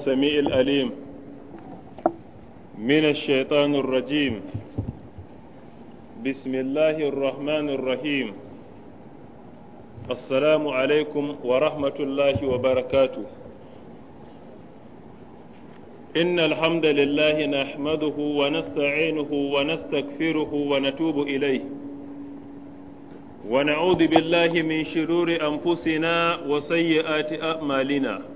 السميع الأليم من الشيطان الرجيم بسم الله الرحمن الرحيم السلام عليكم ورحمة الله وبركاته إن الحمد لله نحمده ونستعينه ونستغفره ونتوب إليه ونعوذ بالله من شرور أنفسنا وسيئات أعمالنا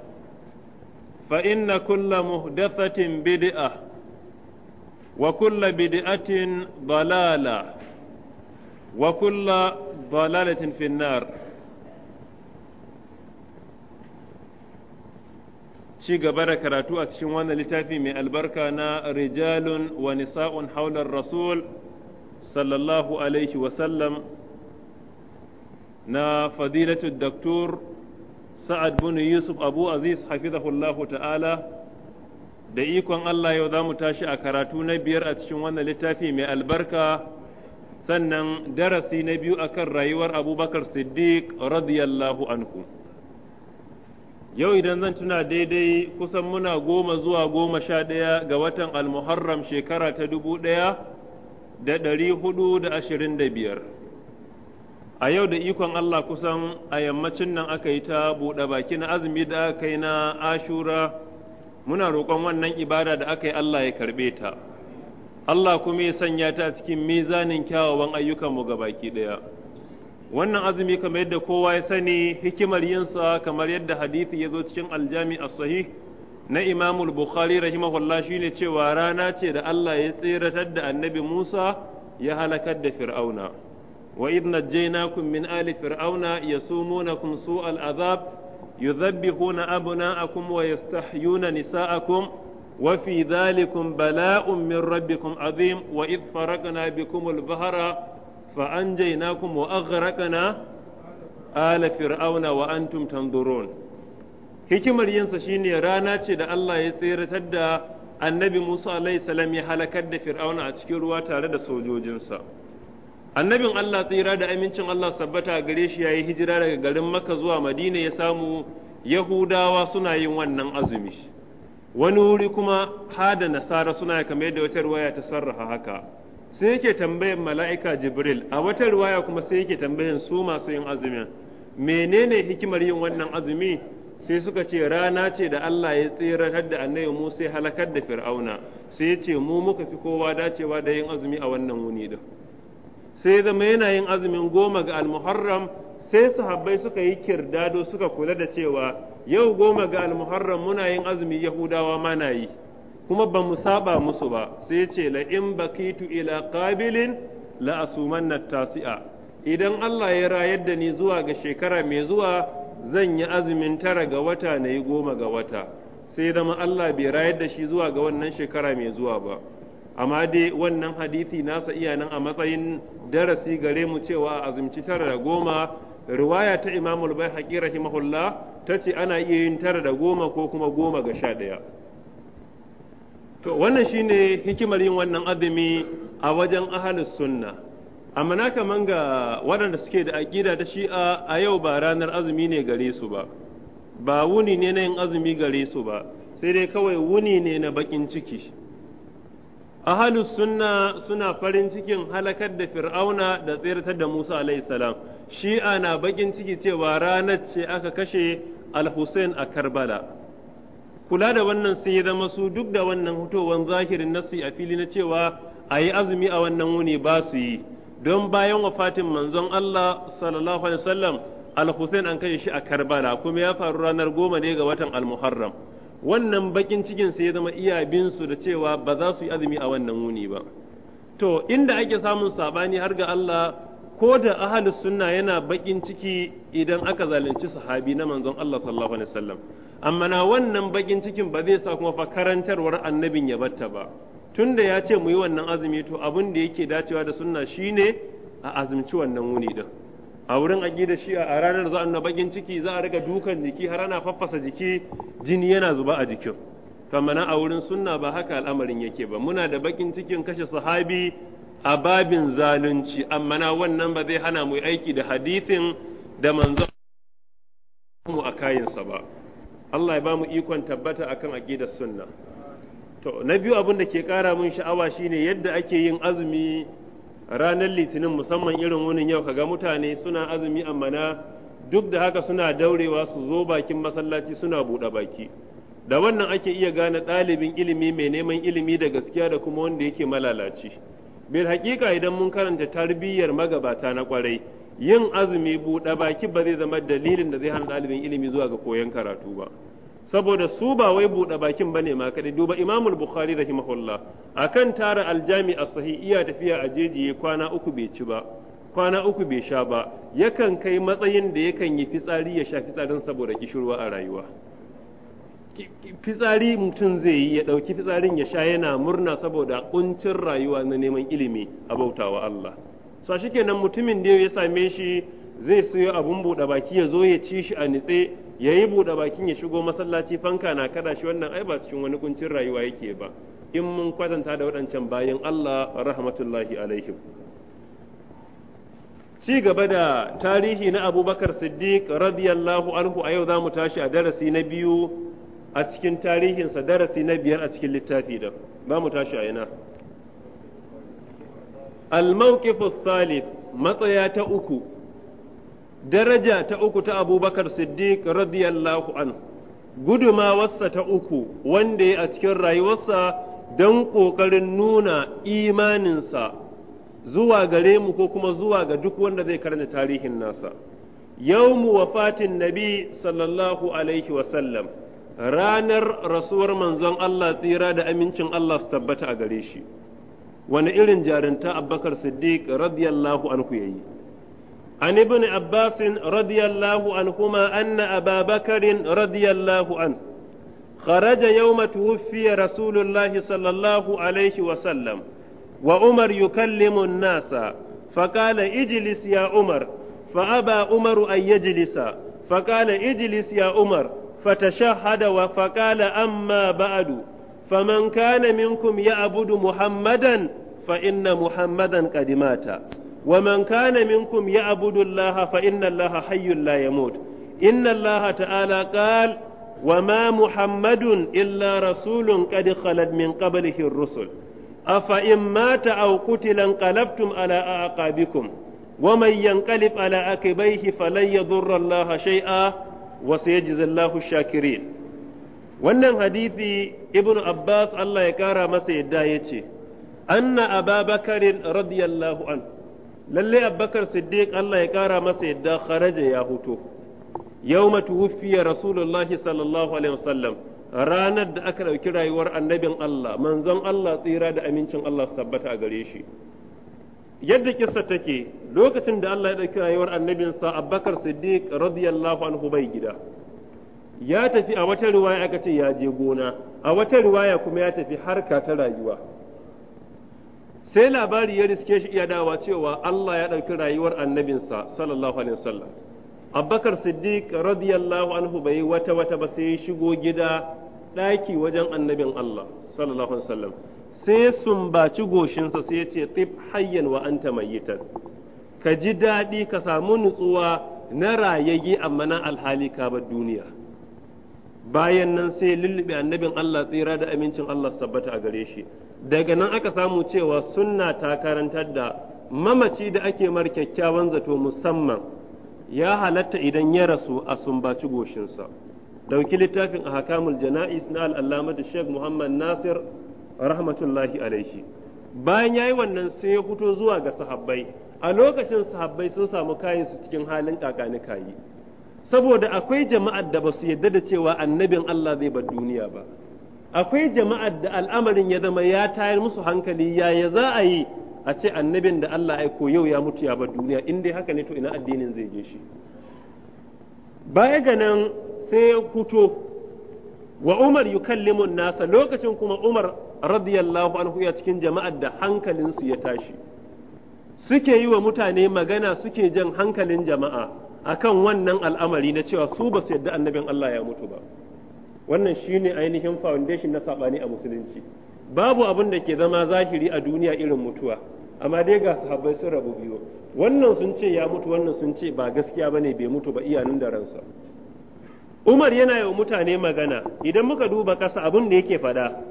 فإن كل مهدثة بدعة وكل بدعة ضلالة وكل ضلالة في النار ci gaba da karatu a cikin wannan littafi mai albarka na rijalun wa nisa'un haular rasul sallallahu alaihi wasallam na fadilatu daktur sa'ad bin yusuf abu aziz hafizahullahu ta'ala da ikon Allah yau za mu tashi a karatu na biyar a cikin wannan littafi mai albarka sannan darasi na biyu akan rayuwar abubakar siddiq radiyallahu anhu yau idan zan tuna daidai kusan muna goma zuwa goma sha ɗaya ga watan almuharram shekara ta dubu ɗaya da ɗari hudu da ashirin da biyar a yau da ikon Allah kusan a yammacin nan aka yi ta buɗe baki na azumi da aka yi na ashura muna roƙon wannan ibada da aka yi Allah ya karɓe ta Allah kuma ya sanya ta cikin mizanin kyawawan ayyukanmu ga baki ɗaya wannan azumi kamar yadda kowa ya sani hikimar yinsa kamar yadda hadisi ya zo cikin aljami a sahih na Imam al-Bukhari rahimahullah shine cewa rana ce da Allah ya tseratar da Annabi Musa ya halakar da Fir'auna وإذ نجيناكم من آل فرعون يسومونكم سوء العذاب يذبحون أبناءكم ويستحيون نساءكم وفي ذلكم بلاء من ربكم عظيم وإذ فرقنا بكم البحر فأنجيناكم وأغرقنا آل فرعون وأنتم تنظرون hikimar yinsa shine rana ce da Allah ya tseratar da annabi Musa alaihi salam ya halakar da Fir'auna a cikin ruwa tare da sojojinsa. annabin Allah tsira da amincin Allah sabbata gare shi ya yi hijira daga garin Makka zuwa Madina ya samu Yahudawa suna yin wannan azumi wani wuri kuma hada nasara suna kamar yadda wata ruwaya ta sarraha haka sai yake tambayan mala'ika Jibril a wata ruwaya kuma sai yake tambayar su masu yin azumin menene hikimar yin wannan azumi sai suka ce rana ce da Allah ya tsiratar da annabi Musa halakar da Fir'auna sai ya ce mu muka fi kowa dacewa da yin azumi a wannan wuni din sai zama yana yin azumin goma ga almuharram sai su habbai suka yi kirdado suka kula da cewa yau goma ga almuharram muna yin azumi yahudawa mana yi kuma ba mu saba musu ba sai ce la in bakitu ila qabilin la asumanna tasi'a idan Allah ya rayar da ni zuwa ga shekara mai zuwa zan yi azumin tara ga wata na yi goma ga wata sai zama Allah bai rayar da shi zuwa ga wannan shekara mai zuwa ba amma dai wannan hadisi nasa iya nan a matsayin darasi gare mu cewa azumci tara da goma riwaya ta imamu bai haƙi rahimahullah ce ana iya yin tara da goma ko kuma goma ga sha ɗaya to wannan shine hikimar yin wannan azumi a wajen ahalus sunna amma na kaman ga waɗanda suke da aƙida ta shi'a a yau ba ranar azumi ne gare su ba ba wuni ne na yin azumi gare su ba sai dai kawai wuni ne na baƙin ciki ahalus sunna suna farin cikin halakar da fir'auna da tsirtar da musa alayhi salam shi'a na bakin ciki cewa ranar ce aka kashe al-hussein a karbala kula da wannan sun yi zama su duk da wannan hutowar zahirin nasi a fili na cewa a yi azumi a wannan wuni ba su yi don bayan wafatin manzon allah sallallahu alaihi wasallam al-hussein an kashe shi a karbala kuma ya faru ranar goma ne ga watan al-muharram wannan bakin cikin sai ya zama iyabinsu da cewa ba za su yi azumi a wannan wuni ba to inda ake samun sabani har ga Allah ko da ahalus sunna yana bakin ciki idan aka zalunci sahabi na manzon Allah sallallahu alaihi wasallam amma na wannan bakin cikin ba zai sa kuma fakarantarwar annabin ya batta ba tunda ya ce mu yi wannan azumi to abin da yake dacewa da sunna shine a azumci wannan wuni din a wurin da shi a ranar za a na bakin ciki za a riga dukan jiki har ana faffasa jiki jini yana zuba a jikin kamana a wurin sunna ba haka al'amarin yake ba muna da bakin cikin kashe sahabi a babin zalunci amma na wannan ba zai hana mu aiki da hadisin da manzo mu a kayansa ba Allah ya ba mu ikon tabbata akan aqidar sunna to na biyu abin da ke kara mun sha'awa shine yadda ake yin azumi ranar litinin musamman irin wani yau kaga mutane suna azumi amma na duk da haka suna daurewa su zo bakin masallaci suna buɗe baki da wannan ake iya gane ɗalibin ilimi mai neman ilimi da gaskiya da kuma wanda yake malalaci bil haƙiƙa idan mun karanta tarbiyyar magabata na kwarai yin azumi buɗe baki ba zai zama dalilin da zai hana ɗalibin ilimi zuwa ga koyon karatu ba saboda su ba wai buɗe bakin bane ma kadai duba imamul bukhari rahimahullah akan tara aljami a sahi iya tafiya a jeji kwana uku bai ci ba kwana uku bai sha ba yakan kai matsayin da yakan yi fitsari ya sha fitsarin saboda kishirwa a rayuwa fitsari mutum zai yi ya ɗauki fitsarin ya sha yana murna saboda kuncin rayuwa na neman ilimi a bautawa Allah sa kenan mutumin da ya same shi zai sayo abun buɗe baki ya zo ya ci shi a nitse ya yi buɗe bakin ya shigo masallaci fanka na kada shi wannan ai ba cikin wani kuncin rayuwa yake ba in mun kwatanta da waɗancan bayan Allah rahmatullahi alaihim ci gaba da tarihi na abubakar siddiq radiyallahu anhu a yau za mu tashi a darasi na biyu a cikin tarihinsa darasi na biyar a cikin littafi da za mu tashi a yana al-mawqif matsaya ta uku daraja ta uku ta abubakar siddiq radiyallahu anhu gudumawarsa ta uku wanda ya a cikin rayuwarsa don ƙoƙarin nuna imaninsa zuwa gare mu ko kuma zuwa ga duk wanda zai karanta tarihin nasa Yau yawmu wafatin nabi sallallahu alaihi wasallam ranar rasuwar manzon Allah tsira da amincin Allah su tabbata a gare shi wani irin jarinta abubakar siddiq radiyallahu anhu yayi عن ابن عباس رضي الله عنهما أن أبا بكر رضي الله عنه خرج يوم توفي رسول الله صلى الله عليه وسلم وعمر يكلم الناس فقال اجلس يا عمر فأبى عمر أن يجلس فقال اجلس يا عمر فتشهد فقال أما بعد فمن كان منكم يعبد محمدا فإن محمدا قد مات ومن كان منكم يعبد الله فإن الله حي لا يموت إن الله تعالى قال وما محمد إلا رسول قد خلت من قبله الرسل أفإن مات أو قتل انقلبتم على أعقابكم ومن ينقلب على عقبيه فلن يضر الله شيئا وسيجزي الله الشاكرين wannan hadisi ibn abbas Allah ya kara masa yadda ya ce anna ababakarin radiyallahu anhu lalle Abubakar siddiq Allah ya kara masa yadda kharaja ya huto yawma tuwfiya rasulullahi sallallahu alaihi wasallam ranar da aka dauki rayuwar annabin Allah manzon Allah tsira da amincin Allah su tabbata a gare shi yadda kissa take lokacin da Allah ya dauki rayuwar annabinsa Abubakar siddiq radiyallahu anhu bai gida ya tafi a wata riwaya aka ce ya je gona a wata riwaya kuma ya tafi harka ta rayuwa sai labari ya riske shi iya dawa cewa Allah ya ɗauki rayuwar annabinsa sallallahu alaihi wasallam Abubakar Siddiq radiyallahu anhu bai wata wata ba sai shigo gida ɗaki wajen annabin Allah sallallahu alaihi wasallam sai sumbaci goshinsa sai ya ce tsib hayyan wa anta mayyitan ka ji daɗi ka samu nutsuwa na rayayye amma na alhali ka bar duniya bayan nan sai lullube annabin Allah tsira da amincin Allah sabbata a gare shi daga nan aka samu cewa sunna ta karantar da mamaci da ake mar kyakkyawan zato musamman ya halatta idan ya rasu a sumbaci goshinsa dauki littafin a ahkamul jana'is na al'allama da Sheikh Muhammad Nasir rahmatullahi alaihi bayan yayi wannan sai ya fito zuwa ga sahabbai a lokacin sahabbai sun samu su cikin halin kakani kayi saboda akwai jama'ar da basu su yadda da cewa annabin Allah zai bar duniya ba akwai jama'ar da al'amarin ya zama ya tayar musu hankali yaya za a yi a ce annabin da Allah aiko yau ya mutu ya bar duniya in dai haka ne to ina addinin zai je shi baya ga nan sai ya fito wa Umar yukallimu nasa lokacin kuma Umar radiyallahu anhu ya cikin jama'ar da hankalinsu ya tashi suke yi wa mutane magana suke jan hankalin jama'a akan wannan al'amari na cewa su ba su yadda annabin Allah ya mutu ba wannan shine ainihin foundation na sabani a musulunci babu abin da ke zama zahiri a duniya irin mutuwa amma dai ga sahabbai sun rabu biyu wannan sun ce ya mutu wannan sun ce ba gaskiya bane bai mutu ba iyanin da ransa Umar yana yi mutane magana idan muka duba kasa abin da yake fada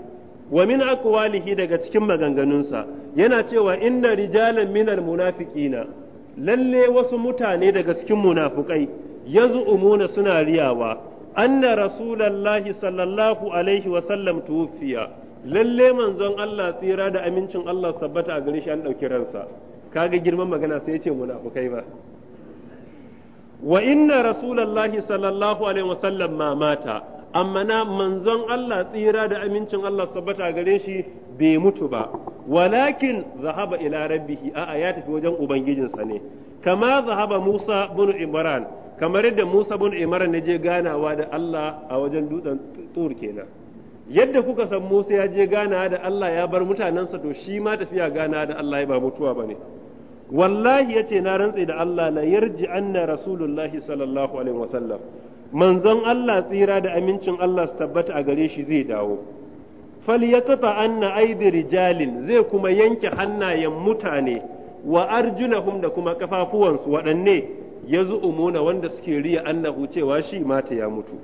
wa min aqwalihi daga cikin maganganunsa yana cewa inna rijalan minal munafiqina lalle wasu mutane daga cikin munafukai yanzu umuna suna riyawa anna rasulallahi sallallahu alaihi wa sallam tuwfiya lalle manzon Allah tsira da amincin Allah sabbata a gare shi an dauki ransa kaga girman magana sai yace munafukai ba wa inna rasulallahi sallallahu alaihi wa sallam ma mata amma na manzon Allah tsira da amincin Allah sabbata gare shi bai mutu ba walakin zahaba ila rabbihi a'a ya tafi wajen ubangijinsa ne kama zahaba Musa bin Imran kamar yadda Musa bin Imran ne je ganawa da Allah a wajen dutsen Tur kenan yadda kuka san Musa ya je ganawa da Allah ya bar mutanensa to shi ma tafiya ganawa da Allah ya ba mutuwa bane wallahi yace na rantse da Allah la yarji anna rasulullahi sallallahu alaihi wasallam manzon Allah tsira da amincin Allah su tabbata a gare shi zai dawo fal yaqta anna aidi rijalin zai kuma yanke hannayen mutane wa arjulahum da kuma kafafuwansu waɗanne umuna wanda suke riya annahu cewa shi mata ya mutu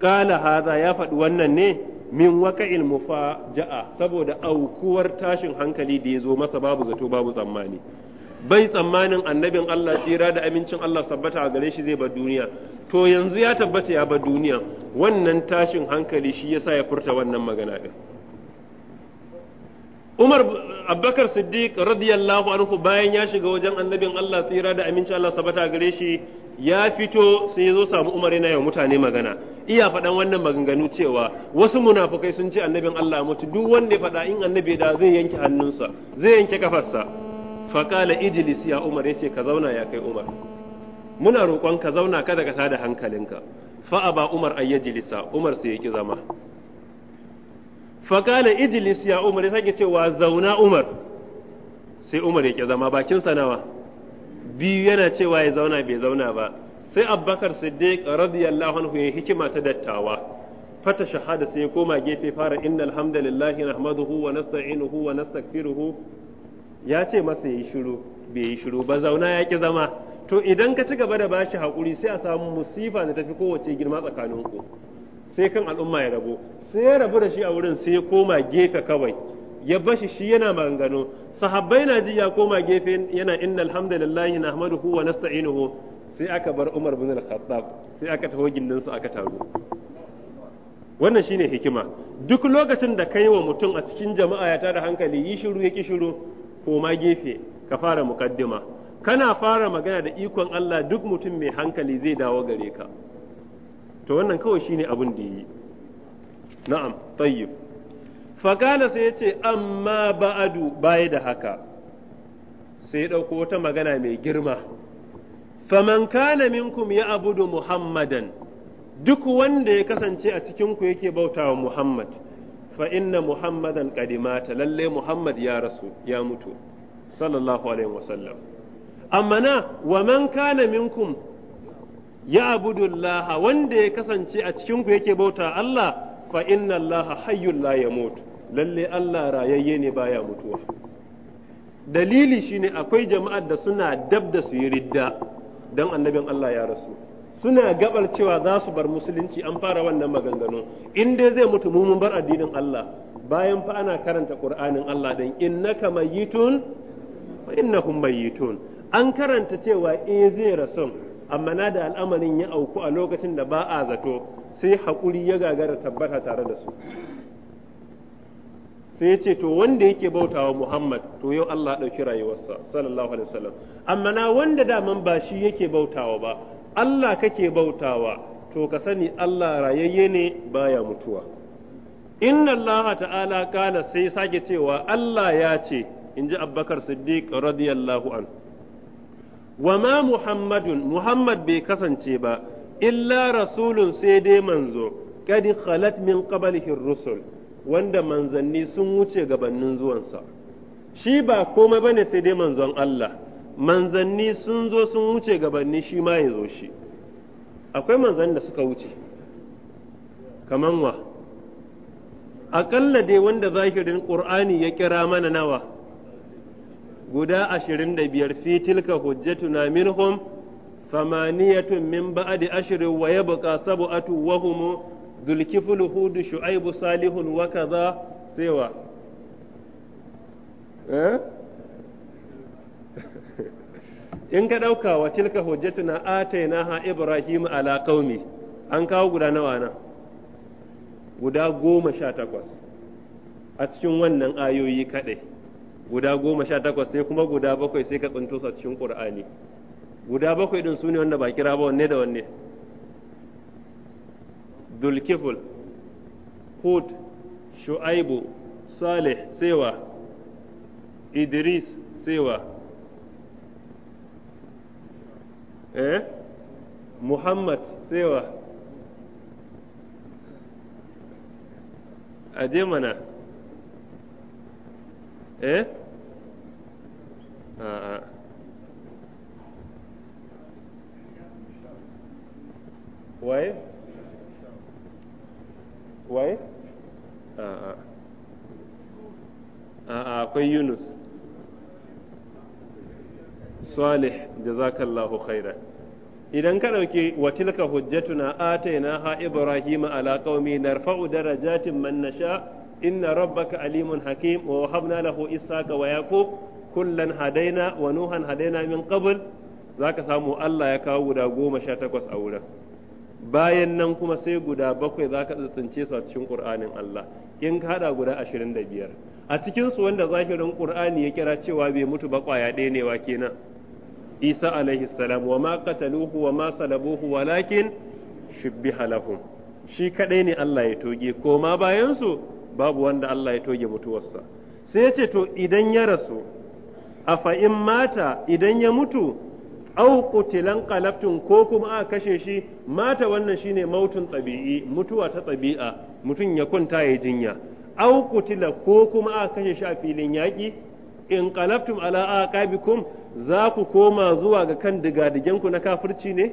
Kala haza ya faɗi wannan ne min ilmufa mufaja'a saboda aukuwar tashin hankali da ya zo masa babu zato babu tsammani bai tsammanin annabin Allah tsira da amincin Allah sabbata a gare shi zai bar duniya to yanzu ya tabbata ya bar duniya wannan tashin hankali shi yasa ya furta wannan magana din Umar Abubakar Siddiq radiyallahu anhu bayan ya shiga wajen annabin Allah tsira da amincin Allah sabbata a gare shi ya fito sai ya zo samu Umar yana yawan mutane magana iya faɗan wannan maganganu cewa wasu munafukai sun ce annabin Allah mutu duk wanda ya faɗa in annabi da zai yanke hannunsa zai yanke kafarsa faƙala ijilis ya umar yace ka zauna ya kai umar muna roƙon ka zauna kada ka tada hankalinka fa'a ba umar an yajilisa umar sai ya ki zama faƙala ijilis ya umar ya sake cewa zauna umar sai umar ya ki zama bakin sanawa biyu yana cewa ya zauna bai zauna ba sai Abubakar, siddiq radiyallahu anhu ya hikima ta dattawa fata shahada sai ya koma gefe fara innal hamdalillahi nahmaduhu wa nasta'inuhu wa nastaghfiruhu ya ce masa ya yi shiru bai yi shiru ba zauna ya ki zama to idan ka ci gaba da bashi haƙuri sai a samu musifa da tafi kowace girma tsakanin ku sai kan al'umma ya rabu sai ya rabu da shi a wurin sai ya koma gefe kawai ya bashi shi yana maganganu sahabbai na ji ya koma gefe yana inna alhamdulillahi nahmaduhu wa nasta'inuhu sai aka bar Umar bin al-Khattab sai aka taho gindin su aka taru wannan shine hikima duk lokacin da kai wa mutum a cikin jama'a ya tada hankali yi shiru ya ki shiru koma gefe ka fara mukaddima kana fara magana da ikon Allah duk mutum mai hankali zai dawo gare ka to wannan kawai shine abin da yi na'am tayyib faqala sai yace amma ba'adu baya da haka sai ya dauko wata magana mai girma faman kana minkum ya abudu muhammadan duk wanda ya kasance a cikin ku yake bautawa muhammad fa inna muhammadan qadimata lalle muhammad ya rasu ya mutu sallallahu alaihi wasallam amma na wa man kana minkum ya abudullaha wanda ya kasance a cikinku ku yake bauta Allah fa inna Allah hayyul la yamut lalle Allah rayayye ne baya mutuwa dalili shine akwai jama'ar da suna dab da su yi ridda dan annabin Allah ya rasu suna gabar cewa za su bar musulunci an fara wannan maganganu in dai zai mutu mu mun bar addinin Allah bayan fa ana karanta ƙur'anin Allah din innaka mayyitun wa innahum tun? an karanta cewa eh zai rasu amma na da al'amarin ya auku a lokacin da ba a zato sai hakuri ya gagara tabbata tare da su sai ya ce to wanda yake bautawa Muhammad to yau Allah ɗauki rayuwarsa sallallahu alaihi wasallam amma na wanda daman ba shi yake bautawa ba Allah kake bautawa to ka sani Allah rayayye ne baya mutuwa inna Allah ta'ala kala sai sake cewa Allah ya ce in ji abbakar siddiq radiyallahu an wa ma muhammadun muhammad bai kasance ba illa rasulun sai dai manzo kadi khalat min qablihi rusul wanda manzanni sun wuce gabanin zuwansa shi ba komai bane sai dai manzon Allah manzanni sun zo sun wuce gabanni shi ma ya zo shi akwai manzanni da suka wuce kaman wa aƙalla dai wanda zahirin ƙur'ani ya kira mana nawa guda ashirin da biyar fi tilka hujjatuna minhum famaniyatun min ba'di ashirin wa yabqa sab'atu wa hum dhulkiful hud shu'aib salihun wa kaza sewa eh in ka ɗauka wa tilka hujjatuna atainaha ibrahim ala qaumi an kawo guda nawa nan guda goma sha takwas a cikin wannan ayoyi kaɗai guda goma sha takwas sai kuma guda bakwai sai ka tsinto su a cikin ƙur'ani guda bakwai ɗin su ne wanda ba kira ba wanne da wanne dulkiful hud shu'aibu salih sewa idris sewa eh muhammad sewa aje mana eh a'a waye waye a a akwai yunus salih jazakallahu khairan idan ka ɗauki wa tilka hujjatuna atayna ha ibrahim ala qaumi narfa'u darajatin man nasha inna rabbaka alimun hakim wa wahabna lahu ishaqa wa yaqub kullan hadaina wa nuhan hadaina min qabl zaka samu Allah ya kawo guda goma sha takwas a wurin bayan nan kuma sai guda bakwai zaka tsince su a cikin Qur'anin Allah in ka hada guda 25 a cikin su wanda zahirin Qur'ani ya kira cewa bai mutu ba kwaya ɗaya ne wa kenan isa alaihi salam wa ma qataluhu wa ma salabuhu walakin shubbiha lahum shi kadai ne Allah ya toge ko ma bayan su babu wanda Allah ya toge mutuwarsa sai ya ce to idan ya rasu afa in mata idan ya mutu aw qutilan qalabtun ko kuma aka kashe shi mata wannan shine mautun tabi'i mutuwa ta tabi'a mutum ya kunta ya jinya aw qutila ko kuma aka kashe shi a filin yaki in qalabtum ala aqabikum za ku koma zuwa ga kan digadigenku na kafirci ne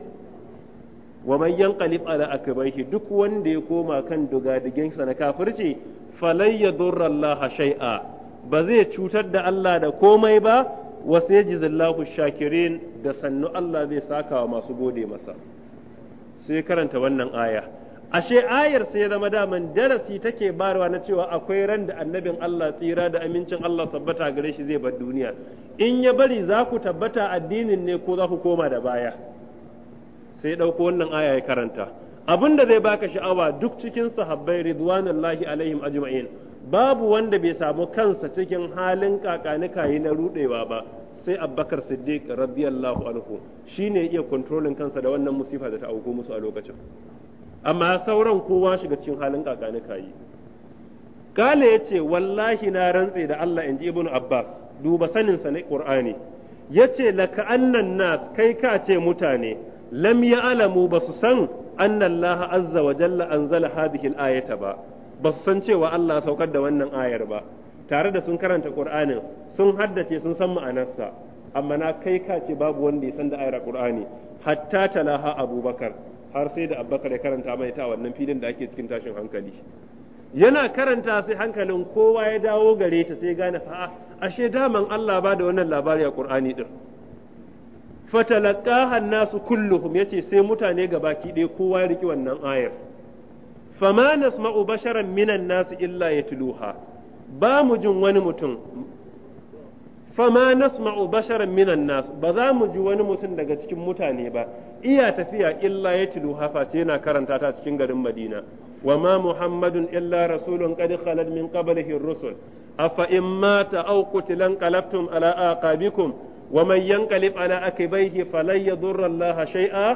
wa man yanqalib ala akbaihi duk wanda ya koma kan digadigensa na kafirci falai yadurra Allah shai'a ba zai cutar da Allah da komai ba wasu wa sayjizillahu shakirin da sannu Allah zai saka masu gode masa sai karanta wannan aya ashe ayar sai zama daman darasi take barwa na cewa akwai ran da annabin Allah tsira da amincin Allah tabbata gare shi zai bar duniya in ya bari za ku tabbata addinin ne ko za ku koma da baya sai dauko wannan aya ya karanta abin da zai baka sha'awa duk cikin sahabbai ridwanullahi alaihim ajma'in babu wanda bai samu kansa cikin halin yi na rudewa ba sai abbakar siddiq radiyallahu anhu shine ya iya kontrolin kansa da wannan musifa da ta auko musu a lokacin amma sauran kowa shiga cikin halin kakanika yi kale ya ce wallahi na rantse da Allah in ji ibnu abbas duba sanin sa ne qur'ani ya ce laka annan nas kai ka ce mutane lam ya alamu ba su san annallaha azza wa jalla anzala hadhihi al-ayata ba ba su san cewa Allah saukar da wannan ayar ba tare da sun karanta Qur'anin sun haddace sun san ma'anarsa amma na kai ka ce babu wanda ya san da ayar Qur'ani hatta talaha Abubakar har sai da abubakar ya karanta mai ta wannan filin da ake cikin tashin hankali yana karanta sai hankalin kowa ya dawo gare ta sai gane fa'a ashe daman Allah ba da wannan labari a Qur'ani din fatalaqaha nasu kulluhum yace sai mutane gabaki ɗaya kowa ya riki wannan ayar fama nasma'u basharan minan nasu illa yatluha ba mu jin wani mutum fama nasma'u basharan minan nas ba za mu ji wani mutum daga cikin mutane ba iya tafiya illa ya tilu hafa ce yana karanta ta cikin garin Madina wa ma Muhammadun illa rasulun qad khalat min qablihi rusul afa in mata aw qutilan qalabtum ala aqabikum wa man yanqalib ala akibaihi falan yadurra Allah shay'a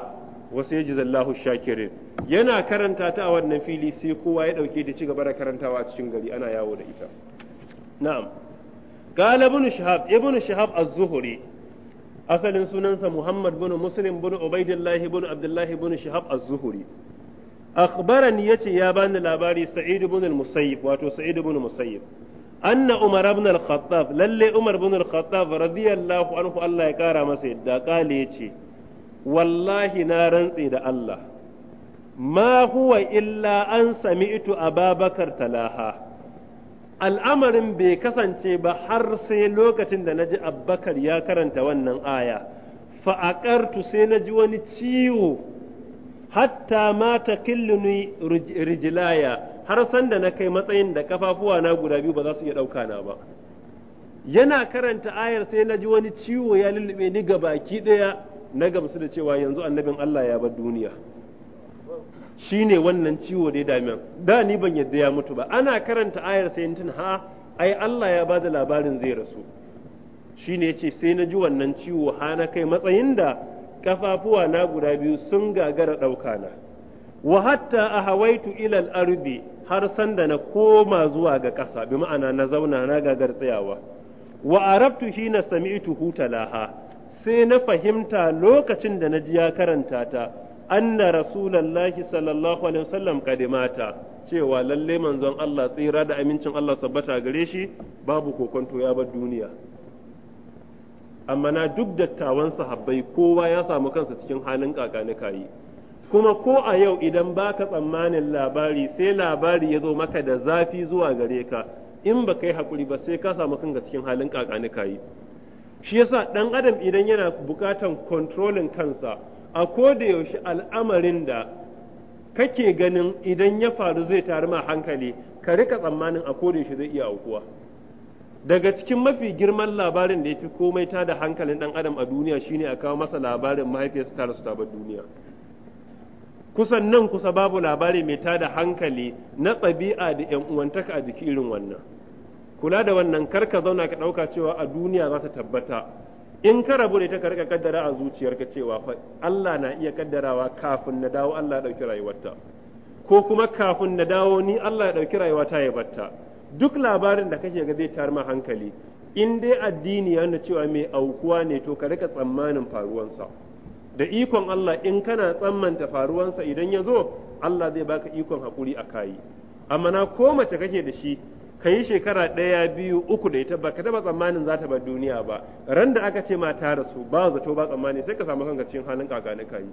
wa sayajzi Allahu shakirin yana karanta ta a wannan fili sai kowa ya dauke da cigaba da karantawa a cikin gari ana yawo da ita na'am قال shahab ibn shahab az الزهري asalin sunansa Muhammad bin Muslim bin Ubaidillah bin Abdullah bin Shihab az-Zuhri akhbarani yace ya bani labari Sa'id bin al-Musayyib wato Sa'id bin Musayyib anna Umar ibn al-Khattab lalle Umar bin al-Khattab radiyallahu anhu Allah ya kara masa yadda kale yace wallahi na rantse da Allah ma huwa illa an sami'tu Ababakar talaha al'amarin bai kasance ba har sai lokacin da na ji abbakar ya karanta wannan aya fa'aƙartu sai na ji wani ciwo hatta mata killini rijilaya har sanda na kai matsayin da kafafuwa na guda biyu ba za su iya ɗauka na ba yana karanta ayar sai na ji wani ciwo ya lulluɓe ni ga baki ɗaya na gamsu da cewa yanzu annabin Allah ya bar duniya. Shi ne wannan ciwo da ya dame da ni ban yadda ya mutu ba ana karanta ayar sai tun ha ai Allah ya bada labarin zai rasu Shi ne yace sai na ji wannan ciwo ha na kai matsayin da kafafuwa na guda biyu sun gagara ɗauka na wa hatta ahawaitu ila al-ardi har sanda na koma zuwa ga ƙasa bi ma'ana na zauna na gagar tsayawa wa arabtu hina sami'tu hutalaha sai na fahimta lokacin da na ji ya karanta ta anna rasulallahi sallallahu alaihi wasallam kadimata cewa lalle manzon Allah tsira da amincin Allah sabbata gare shi babu kokonto ya bar duniya amma na duk dattawan sahabbai kowa ya samu kansa cikin halin kakanika yi kuma ko a yau idan baka tsammanin labari sai labari ya zo maka da zafi zuwa gare ka in ba kai hakuri ba sai ka samu kanka cikin halin kakanika yi shi yasa dan adam idan yana bukatan controlling kansa a ko da yaushe al'amarin da kake ganin idan ya faru zai taru ma hankali ka rika tsammanin a ko da yaushe zai iya aukuwa daga cikin mafi girman labarin da ya fi komai ta da hankalin dan adam a duniya shine a kawo masa labarin mahaifiyarsa ta rasu ta duniya kusan nan kusa babu labari mai ta da hankali na tsabi'a da ‘yan uwantaka a jiki irin wannan kula da wannan kar ka zauna ka ɗauka cewa a duniya za ta tabbata in ka rabu da ita ka kaddara a zuciyarka cewa fa Allah na iya kaddarawa kafin na dawo Allah ya dauki rayuwarta ko kuma kafin na dawo ni Allah ya dauki rayuwata ya batta duk labarin da kake ga zai tar ma hankali in dai addini ya nuna cewa mai aukuwa ne to ka rika tsammanin faruwansa da ikon Allah in kana tsammanta faruwansa idan ya zo Allah zai baka ikon hakuri a kayi amma na ko mace kake da shi ka yi shekara ɗaya biyu uku da ita ba ka taɓa tsammanin za ta bar duniya ba ran da aka ce ma ta rasu ba zato ba tsammani sai ka samu kanka cikin halin kakani ka yi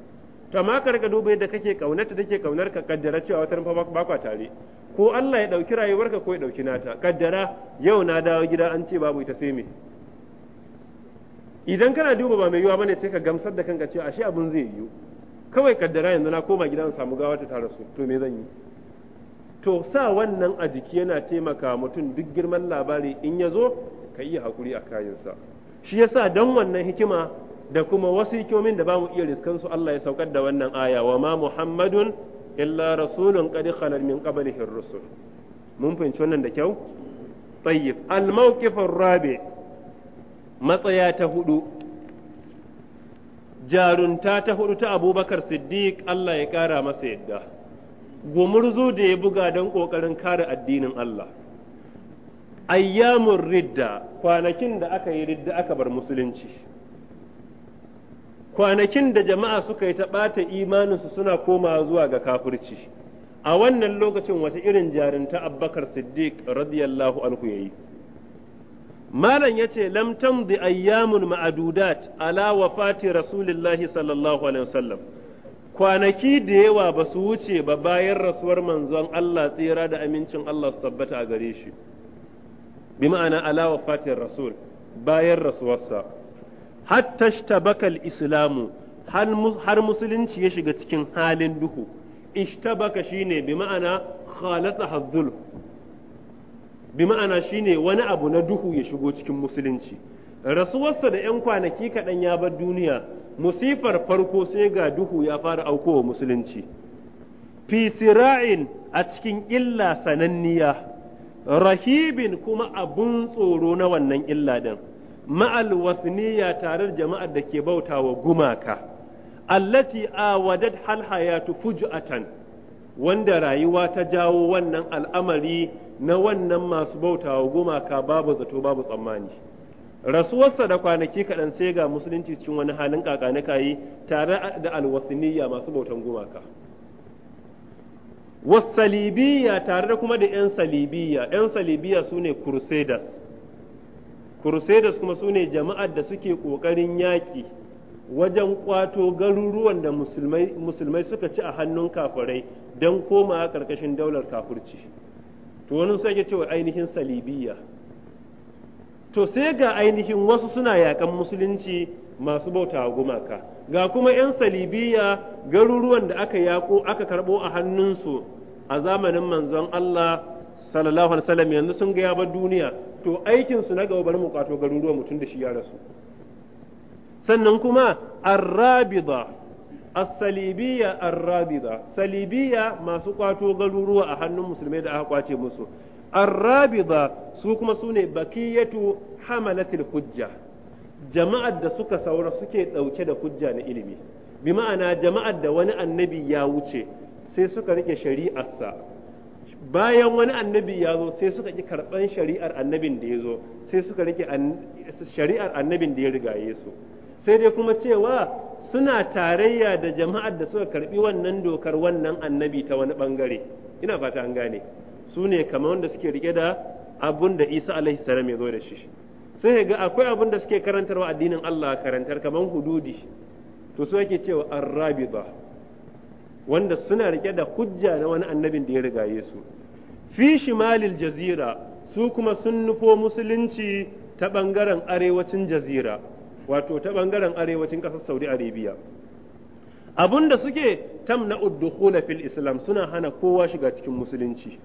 to amma ka riga duba yadda kake kaunar ta take kaunar ka kaddara cewa wata rufa ba kwa tare ko Allah ya dauki rayuwarka ko ya ɗauki nata kaddara yau na dawo gida an ce babu ita sai me idan kana duba ba mai yiwa bane sai ka gamsar da kanka cewa ashe abin zai yiwu kawai kaddara yanzu na koma gida in samu gawa ta rasu to me zan yi to sa wannan a jiki yana taimaka mutum duk girman labari in ya zo ka iya haƙuri a kayansa shi yasa don wannan hikima da kuma wasu hikimomin da ba mu iya riskansu Allah ya saukar da wannan aya wa ma muhammadun illa rasulun qad khalal min qablihi rusul mun fahimci wannan da kyau tayyib al mawqif rabi matsaya ta hudu jarunta ta hudu ta abubakar siddiq Allah ya kara masa yadda gumurzu da ya buga don ƙoƙarin kare addinin Allah ayyamun ridda kwanakin da aka yi ridda aka bar musulunci kwanakin da jama'a suka yi ta ɓata imaninsu suna koma zuwa ga kafurci. a wannan lokacin wata irin jarinta abbakar siddiq radiyallahu anhu ya yi. malam ce lam da ayyamun ma'adudat ala Fati rasulillahi sallallahu alaihi wasallam kwanaki da yawa ba su wuce ba bayan rasuwar manzon Allah tsira da amincin Allah su tabbata a gare shi bi ma'ana ala wafatin rasul bayan rasuwarsa hatta shtabakal islamu har musulunci ya shiga cikin halin duhu ishtabaka shine bi ma'ana khalata hazzul bi ma'ana shine wani abu na duhu ya shigo cikin musulunci rasuwarsa da 'yan kwanaki kaɗan ya bar duniya musifar farko sai ga duhu ya fara auko wa musulunci fi sira'in a cikin illa sananniya rahibin kuma abun tsoro na wannan illa din ma'al wasniya tare jama'ar da ke bauta wa gumaka allati awadat hal hayatu fuj'atan wanda rayuwa ta jawo wannan al'amari na wannan masu bautawa gumaka babu zato babu tsammani rasuwarsa da kwanaki kaɗan sai ga musulunci cikin wani halin kakanika yi tare da alwasiniya masu bautan gumaka wasalibiya tare da kuma da 'yan salibiya 'yan salibiya su ne crusaders crusaders kuma su ne jama'ar da suke ƙoƙarin yaƙi wajen ƙwato garuruwan da musulmai suka ci a hannun kafirai don komawa ƙarƙashin daular kafurci to wani su ake cewa ainihin salibiya to sai ga ainihin wasu suna yakan musulunci masu bauta gumaka ga kuma 'yan salibiya garuruwan da aka yako aka karbo a hannunsu a zamanin manzon Allah sallallahu alaihi wasallam yanzu sun ga ba duniya to aikin su na gaba bari mu kwato garuruwan mutum da shi ya rasu sannan kuma arrabida as-salibiyya arrabida salibiyya masu kwato garuruwa a hannun musulmai da aka kwace musu arrabida su kuma sune ne bakiyatu hamalatil hujja jama'ar da suka saura suke ɗauke da hujja na ilimi bi ma'ana jama'ar da wani annabi ya wuce sai suka rike shari'arsa bayan wani annabi ya zo sai suka ki karɓan shari'ar annabin da ya zo sai suka rike shari'ar annabin da ya rigaye su sai dai kuma cewa suna tarayya da jama'ar da suka karɓi wannan dokar wannan annabi ta wani ɓangare ina fata an gane su ne kamar wanda suke rike da abun da Isa alaihi salam ya zo da shi sai ga akwai abun da suke karantarwa addinin Allah karantar kamar hududi to su yake cewa arrabida wanda suna rike da hujja na wani annabin da ya rigaye su fi shimalil jazira su kuma sun nufo musulunci ta bangaren arewacin jazira wato ta bangaren arewacin ƙasar Saudi Arabia abun da suke tamna uddukhula fil islam suna hana kowa shiga cikin musulunci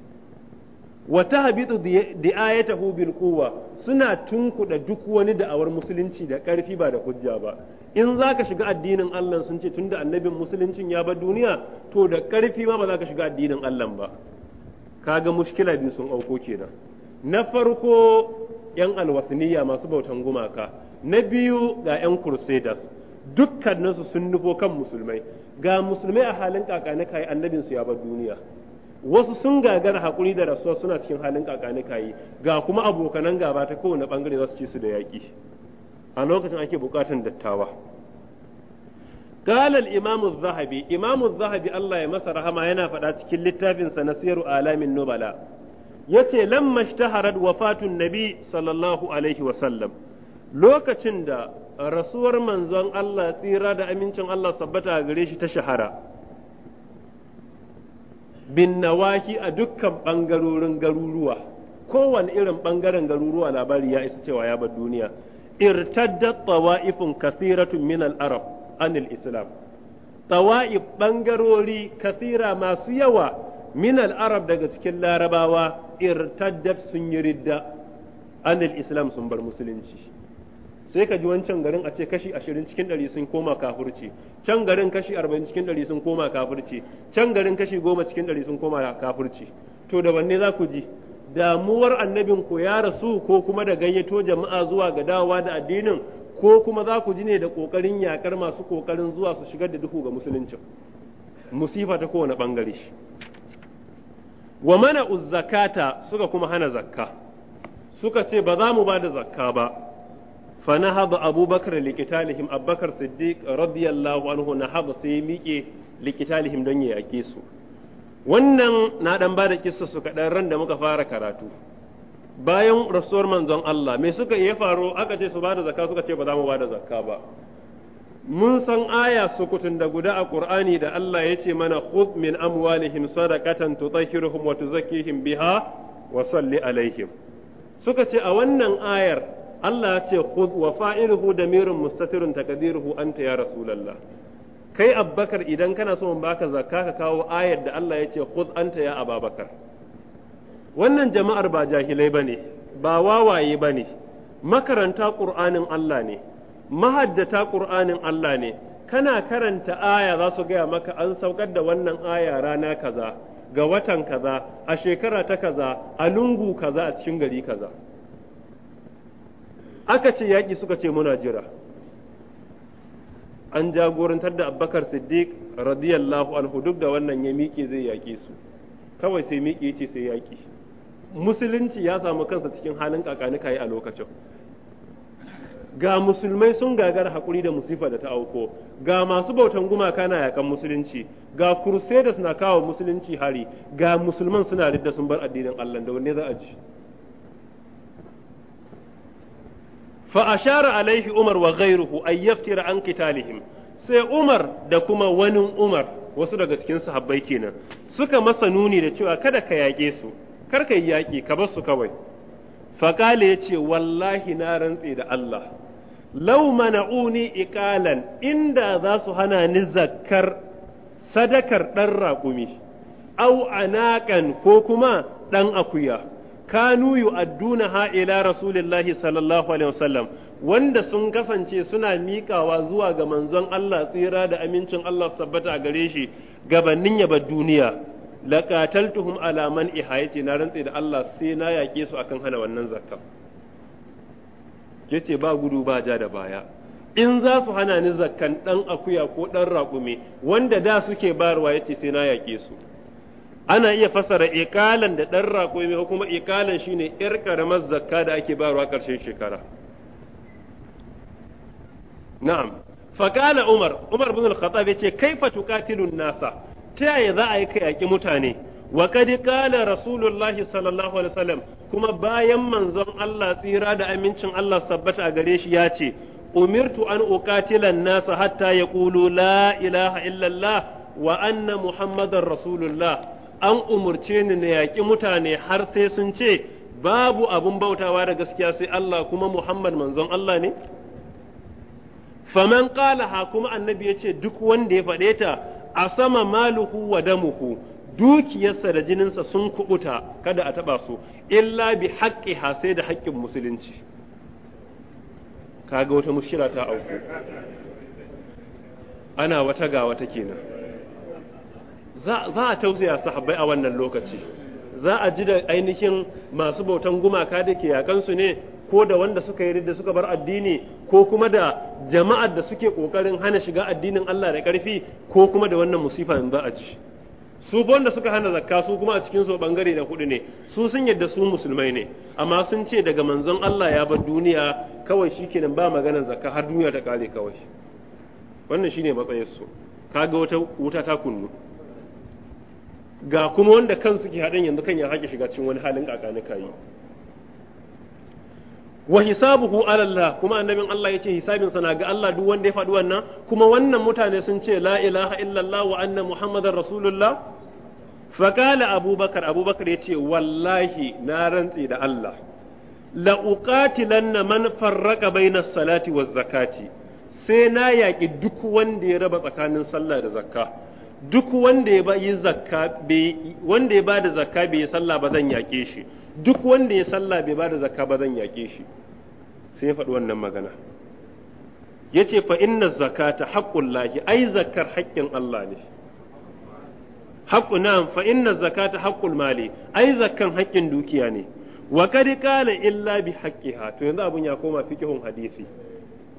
wa da di'ayatahu bil quwwa suna tunkuɗa duk wani da'awar musulunci da karfi ba da hujja ba in zaka shiga addinin Allah sun ce tunda annabin musuluncin ya bar duniya to da karfi ma ba za ka shiga addinin Allah ba kaga mushkila biyu sun auko kenan na farko yan alwasniya masu bautan gumaka na biyu ga yan crusaders dukkaninsu sun nufo kan musulmai ga musulmai a halin kakana kai annabinsu ya bar duniya wasu sun gagara hakuri da rasuwa suna cikin halin ƙaƙanika yi ga kuma abokanan gaba ta kowane bangare za su ci su da yaƙi a lokacin ake buƙatar dattawa. ƙalal imamu zahabi imamu zahabi Allah ya masa rahma yana faɗa cikin littafinsa na siyar alamin nobala yace ce lammashi ta harar wa fatun sallallahu alaihi wa sallam lokacin da rasuwar manzon Allah tsira da amincin Allah sabbata gare shi ta shahara bin nawahi a dukkan ɓangarorin garuruwa kowane irin ɓangaren garuruwa labari ya isa cewa ya bar duniya irtadda tawa'ifun kasiratun min al-arab anil islam tawa'if ɓangarori kasira masu yawa min al-arab daga cikin larabawa irtaddat sun yi ridda anil islam sun bar musulunci sai ka ji wancan garin a ce kashi ashirin cikin ɗari sun koma kafirci can garin kashi arba'in cikin ɗari sun koma kafirci can garin kashi goma cikin ɗari sun koma kafirci to da wanne za ku ji damuwar annabin ku ya rasu ko kuma da gayyato jama'a zuwa ga dawa da addinin ko kuma za ku ji ne da ƙoƙarin yaƙar masu ƙoƙarin zuwa su shigar da duhu ga musuluncin musifa ta kowane ɓangare shi wa mana uzzakata suka kuma hana zakka suka ce ba za mu ba da zakka ba fa nahaba abubakar لقتالهم abubakar siddiq radiyallahu anhu الله sai miƙe liqitalihim don ya yake su wannan na dan bada kisa su kaɗan ran da muka fara karatu bayan rasuwar manzon Allah me suka iya faro aka ce su bada zakka suka ce ba za mu bada zakka ba mun san aya sukutun da guda a Qur'ani da Allah ya ce mana khudh min amwalihim sadaqatan tutahhiruhum wa tuzakkihim biha wa salli alaihim suka ce a wannan ayar Allah ya ce khudh wa fa'iluhu damirun mustatirun takdiruhu anta ya rasulullah kai abbakar idan kana so baka zakka ka kawo ayar da Allah ya ce khudh anta ya ababakar wannan jama'ar ba jahilai bane ba wawaye bane makaranta qur'anin Allah ne mahaddata qur'anin Allah ne kana karanta aya za su gaya maka an saukar da wannan aya rana kaza ga watan kaza a shekara ta kaza a lungu kaza a cikin gari kaza aka ce yaƙi suka ce muna jira an jagorantar da abubakar siddiq radiyallahu anhu duk da wannan ya miƙe zai yaƙe su kawai sai miƙe ce sai yaƙi musulunci ya samu kansa cikin halin kakanika yi a lokacin ga musulmai sun gagara haƙuri da musifa da ta auko ga masu bautan gumaka na yaƙan musulunci ga crusaders na kawo musulunci hari ga musulman suna ridda sun bar addinin Allah da wanne za a ji fa ashara alaihi umar wa ghairuhu ay yaftira an qitalihim sai umar da kuma wani umar wasu daga cikin sahabbai kenan suka masa nuni da cewa kada ka yaƙe su kar ka yi yaƙi ka bar su kawai faƙale ya ce wallahi na rantse da Allah lau mana'uni iƙalan inda za su hana ni zakkar sadakar ɗan raƙumi aw anaƙan ko kuma ɗan akuya kanu ha ila rasulillahi sallallahu alaihi wasallam wanda sun kasance suna miƙawa zuwa ga manzon Allah tsira da amincin Allah sabbata gare shi gabanin yaba duniya laqataltuhum ala man ihayati na rantsi da Allah sai na yaƙe su akan hana wannan zakka yace ba gudu ba ja da baya in za su hana ni zakkan dan akuya ko dan raƙumi wanda da suke barwa yace sai na yaƙe su ana iya fassara ikalan da ɗan raƙumi ko kuma ikalan shine ƴar ƙaramar zakka da ake bayarwa ƙarshen shekara na'am fakala umar umar bin al-khattab kai kaifa tuqatilun nasa ta yaya za a yi kai yaƙi mutane wa qad qala rasulullah sallallahu alaihi wasallam kuma bayan manzon Allah tsira da amincin Allah sabbata a gare shi ya ce umirtu an uqatilan nasa hatta yaqulu la ilaha illallah wa anna muhammadar rasulullah an umurce ni na yaƙi mutane har sai sun ce babu abun bautawa da gaskiya sai Allah kuma Muhammad manzon Allah ne faman ƙalaha kuma annabi ya ce duk wanda ya faɗe ta a sama maluhu wa damuhu dukiyarsa da jininsa sun kubuta kada a taɓa su illa bi haƙƙi sai da haƙƙin musulunci kaga wata mushkila ta auku ana wata gawa wata kenan za a tausaya sahabbai a wannan lokaci za a ji da ainihin masu bautan gumaka da ke yakansu ne ko da wanda suka yi da suka bar addini ko kuma da jama'ar da suke kokarin hana shiga addinin Allah da karfi ko kuma da wannan musifa in za a ji su wanda suka hana zakka su kuma a cikin su bangare da kuɗi ne su sun yadda su musulmai ne amma sun ce daga manzon Allah ya bar duniya kawai shikenan ba maganar zakka har duniya ta kare kawai wannan shine matsayin su kaga wata wuta ta kunnu ga kuma wanda kan suke haɗin yanzu kan ya haƙi shiga cikin wani halin ƙaƙani kayi wa hisabuhu ala Allah kuma annabin Allah yace hisabin sa na ga Allah duk wanda ya faɗi wannan kuma wannan mutane sun ce la ilaha illallah wa anna muhammadar rasulullah fa qala abubakar abubakar yace wallahi na rantsi da Allah la uqatilanna man farraqa bainas salati waz zakati sai na yaƙi duk wanda ya raba tsakanin sallah da zakka duk wanda ya yi zakka wanda ya bada zakka bai sallah ba zan yaƙe shi duk wanda ya sallah bai bada zakka ba zan yaƙe shi sai ya faɗi wannan magana yace fa inna zakata haqqul lahi ai zakkar haƙƙin Allah ne haqqu na'am fa inna zakata haqqul mali ai zakkan haƙƙin dukiya ne wa kad qala illa bi haqqiha to yanzu abun ya koma fiqhun hadisi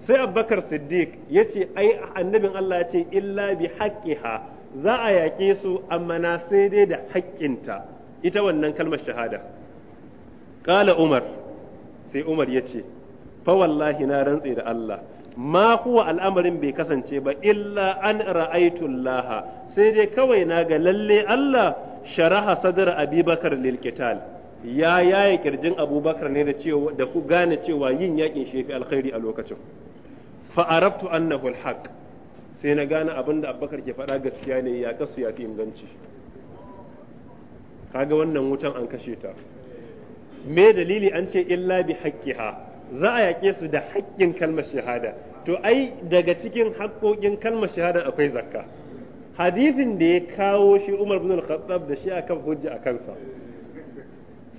sai Abubakar Siddiq yace ai annabin Allah yace illa bi haqqiha za a yaƙe su amma na sai dai da haƙƙinta ita wannan kalmar shahada ƙala umar sai umar ya ce fawallahi na rantse da Allah ma kuwa al'amarin bai kasance ba illa an ra'aitullaha? sai dai kawai na ga lalle Allah sharaha sadar abubakar lilkital ya yaye kirjin abubakar ne da ku gane cewa yin yakin shefi alkhairi a lokacin fa arabtu annahu alhaq sai na gane abin da abubakar ke faɗa gaskiya ne ya kasu ya fi inganci kaga wannan wutan an kashe ta me dalili an ce illa bi haqqiha za a yaƙe su da haƙƙin kalmar shahada to ai daga cikin haƙƙoƙin kalmar shahada akwai zakka hadithin da ya kawo shi Umar bin al-Khattab da shi akan hujja a kansa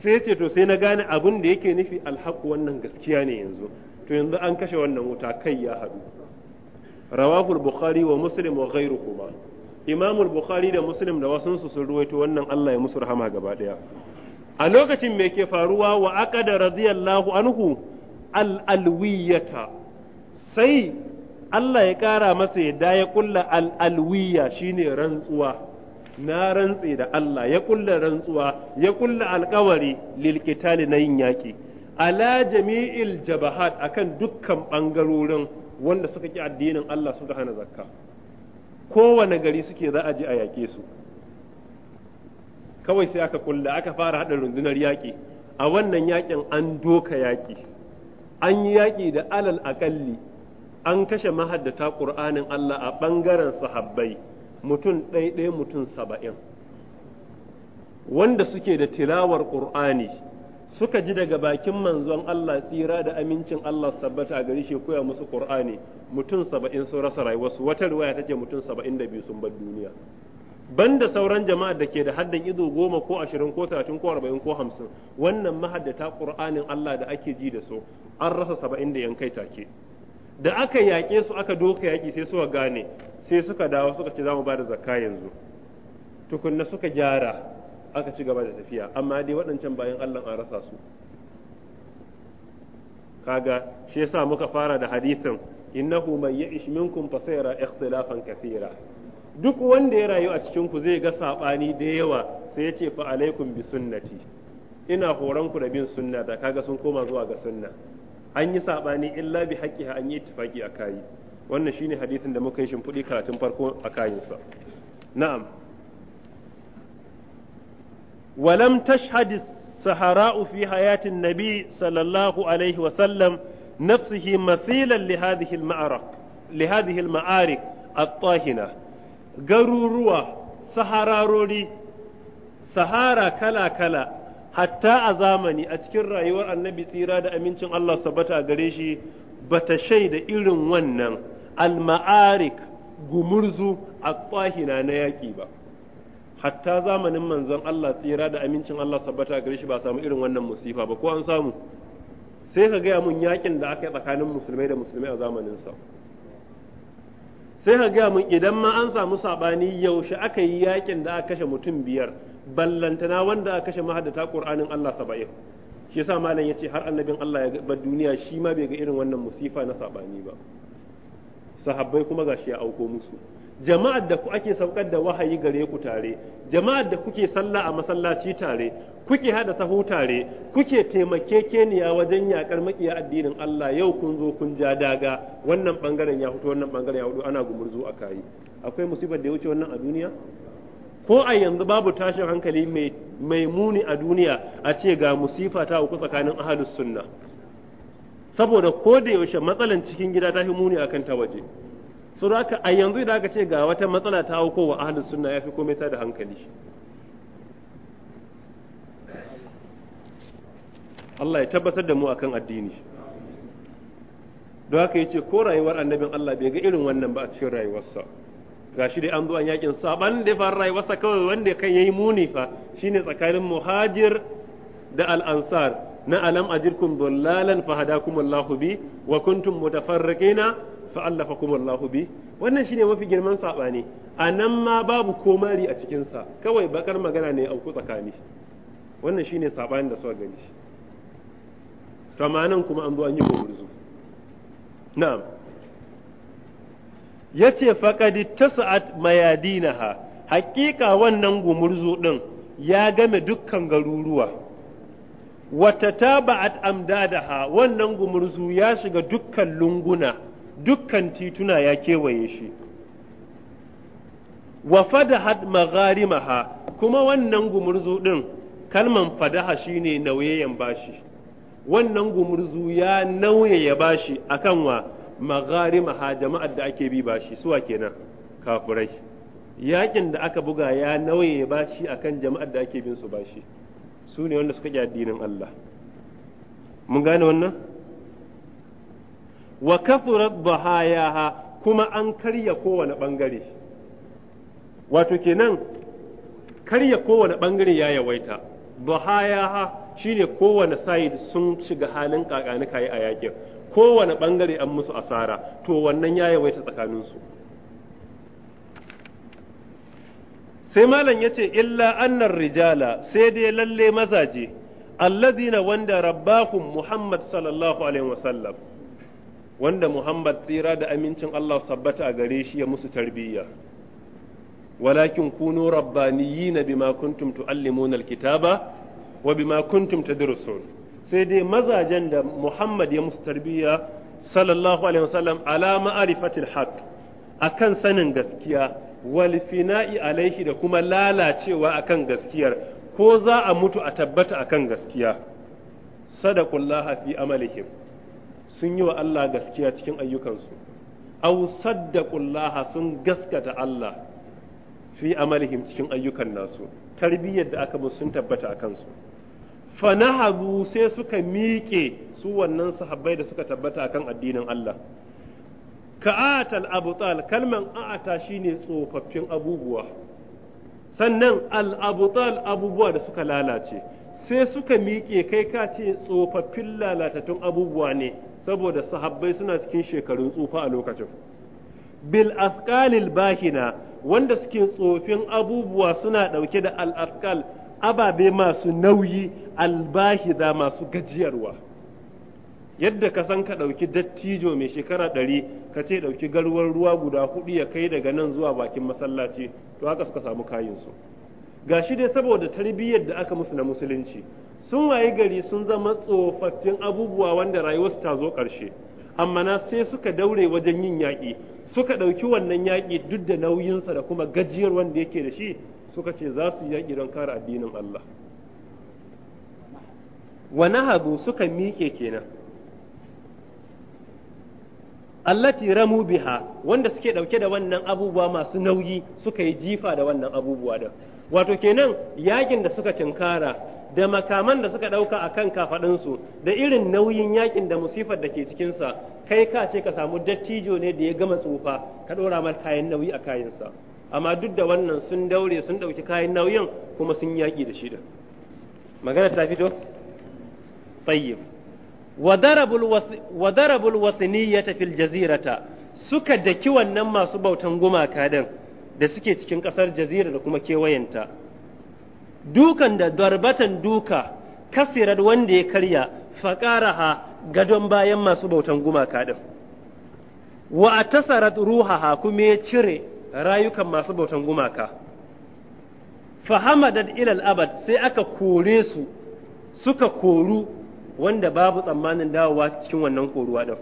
sai ce to sai na gane abin da yake nufi alhaku wannan gaskiya ne yanzu to yanzu an kashe wannan wuta kai ya haɗu rawahul bukhari wa muslim wa kuma imamul bukhari da muslim da wasunsu sun ruwaito wannan Allah ya musu rahama gaba daya a lokacin me ke faruwa wa aqada radiyallahu anhu al alwiyata sai Allah ya kara masa yadda ya kulla al alwiya shine rantsuwa na rantse da Allah ya kulla rantsuwa ya kulla alkawari lil na yin yaki ala jami'il jabahat akan dukkan bangarorin wanda suka ki addinin Allah suka hana zakka kowane gari suke za a je a yake su kawai sai aka kulla aka fara haɗa rundunar yaƙi a wannan yaƙin an doka yaƙi an yi yaƙi da alal aƙalli an kashe mahaddata ƙur'anin Allah a ɓangaren sahabbai mutum ɗaiɗai mutum saba'in wanda suke da tilawar ƙur'ani suka ji daga bakin manzon Allah tsira da amincin Allah sabbata a gari shi koya musu Qur'ani mutum saba'in sun rasa rayuwarsu wata riwaya ta ce mutum saba'in da biyu sun bar duniya banda sauran jama'a da ke da haddan ido goma ko ashirin ko talatin ko arba'in ko hamsin wannan mahaddata qur'anin Allah da ake ji da su an rasa saba'in da yankai take da aka yaƙe su aka doka yaƙi sai suka gane sai suka dawo suka ce za mu ba da zakka yanzu tukunna suka gyara aka ci gaba da tafiya amma dai waɗancan bayan Allah an rasa su kaga shi yasa muka fara da hadisin innahu man ya'ish minkum fa sayara ikhtilafan kathira duk wanda ya rayu a cikin ku zai ga sabani da yawa sai ya ce fa alaikum bi sunnati ina horon ku da bin sunna da kaga sun koma zuwa ga sunna an yi sabani illa bi haqqiha an yi ittifaqi akai wannan shine hadisin da muka yi shimfidi karatun farko a na'am Walamtash hadis السحراء في hayatin النبي صلى الله عليه وسلم نفسه مثيلا لهذه المعرك لهذه المعارك garuruwa sahararori sahara kala-kala hatta a zamani a cikin rayuwar annabi tsira da amincin Allah sabata a gare shi bata shaida irin wannan alma'arik gumurzu a na yaƙi ba hatta zamanin manzon Allah tsira da amincin Allah sabbata gare shi ba samu irin wannan musifa ba ko an samu sai ka gaya mun yakin da aka yi tsakanin musulmai da musulmai a zamanin sa sai ka gaya mun idan ma an samu sabani yaushe aka yi yakin da aka kashe mutum biyar ballantana wanda aka kashe mahaddata Qur'anin Allah saba'in shi yasa malam yace har annabin Allah ya ba duniya shi ma bai ga irin wannan musifa na sabani ba sahabbai kuma gashi ya auko musu jama'ar da ku ake saukar da wahayi gare ku tare jama'ar da kuke sallah a masallaci tare kuke hada sahu tare kuke taimake taimakekeniya wajen yakar makiya addinin Allah yau kun zo kun ja daga wannan bangaren ya wannan bangaren ya hudu ana gumurzu a kayi akwai musibar da ya wuce wannan a duniya ko a yanzu babu tashin hankali mai mai muni a duniya a ce ga musifa ta uku tsakanin ahlus sunna saboda ko da yaushe matsalan cikin gida ta fi muni akan ta waje so da a yanzu da aka ce ga wata matsala ta hauko wa ahlus sunna fi komai ta da hankali Allah ya tabbatar da mu akan addini don haka ce ko rayuwar annabin Allah bai ga irin wannan ba a cikin rayuwarsa gashi dai an zo an yakin saɓan da fara rayuwarsa kawai wanda kan yayi muni fa shine tsakanin muhajir da alansar na alam ajirkum dallalan fahadakum Allahu bi wa kuntum mutafarriqina fa allafa Allahu bi wannan shine mafi girman A anan ma babu komari a cikin sa kawai bakar magana ne auku tsakani wannan shine saɓani da suka gani shi to kuma an zo an yi gumurzu na'am yace faqad tas'at mayadinaha haqiqa wannan gumurzu din ya game dukkan garuruwa wata taba'at amdadaha wannan gumurzu ya shiga dukkan lunguna dukkan tituna ya kewaye shi wa fadahat magharimaha kuma wannan gumurzu ɗin kalman fadaha shine nauyayen bashi wannan gumurzu ya nauyaya bashi akan wa magharimaha jama'ar da ake bi bashi suwa kenan Kafurai. yakin da aka buga ya nauyaya bashi akan jama'ar da ake bin su bashi su ne wanda suka ji addinin Allah mun gane wannan wa kafurat dhahayaha kuma an karya kowane bangare wato kenan karya kowane bangare ya yawaita dhahayaha shine kowane side sun shiga halin kakani kai a yakin kowane bangare an musu asara to wannan ya yawaita tsakaninsu sai malam ya ce illa annar rijala sai dai lalle mazaje allazina wanda rabbakum muhammad sallallahu alaihi wasallam wanda Muhammad tsira da amincin Allah sabbata a gare shi ya musu tarbiyya walakin kunu rabbaniyina bima kuntum tuallimuna alkitaba wa bima kuntum tadrusun sai dai mazajen da Muhammad ya musu tarbiyya sallallahu alaihi wasallam ala ma'rifatil haqq akan sanin gaskiya wal fina'i alaihi da kuma lalacewa akan gaskiyar ko za a mutu a tabbata akan gaskiya sadaqullah fi amalihim sun yi wa Allah gaskiya cikin ayyukansu aw saddaqullaha sun gaskata Allah fi amalihim cikin ayyukan nasu tarbiyyar da aka musu sun tabbata a kansu fanahadu sai suka miƙe su wannan sahabbai da suka tabbata akan addinin Allah ka'atal abutal kalman a'ata shine tsofaffin abubuwa sannan al-abutal abubuwa da suka lalace sai suka miƙe kai ka ce tsofaffin lalatattun abubuwa ne saboda sahabbai suna cikin shekarun tsufa a lokacin bil asqalil bahina wanda suke tsofin abubuwa suna ɗauke da al asqal ababe masu nauyi bahida masu gajiyarwa yadda ka san ka ɗauki dattijo mai shekara ɗari ka ce ɗauki garwar ruwa guda hudu ya kai daga nan zuwa bakin masallaci to haka suka samu kayinsu ga shi dai saboda tarbiyyar da aka musu na musulunci sun waye gari sun zama tsofaffin abubuwa wanda rayuwarsu ta zo ƙarshe amma na sai suka daure wajen yin yaƙi suka ɗauki wannan yaƙi duk da nauyinsa da kuma gajiyar wanda yake da shi suka ce za su yaƙi don kare addinin Allah wa nahabu suka miƙe kenan allati ramu biha wanda suke ɗauke da wannan abubuwa masu nauyi suka yi jifa da wannan abubuwa da wato kenan yakin da suka cinkara da makaman da suka ɗauka a kan kafaɗinsu da irin nauyin yakin da musifar da ke cikinsa kai ka ce ka samu dattijo ne da ya gama tsufa ka ɗora mar kayan nauyi a kayansa amma duk da wannan sun daure sun ɗauki kayan nauyin kuma sun yaƙi da shi da magana ta fito tayyib wa darabul wasaniyata fil jazirata suka daki wannan masu bautan gumaka din da suke cikin ƙasar jazira da kuma kewayenta dukan da darbatan duka kasirar wanda ya karya faƙaraha gadon bayan masu bautan gumaka ɗin wa a tasarat ruhaha kuma ya cire rayukan masu bautan gumaka fahamadat ilal abad sai aka kore su suka koru wanda babu tsammanin dawowa cikin wannan koruwa ɗin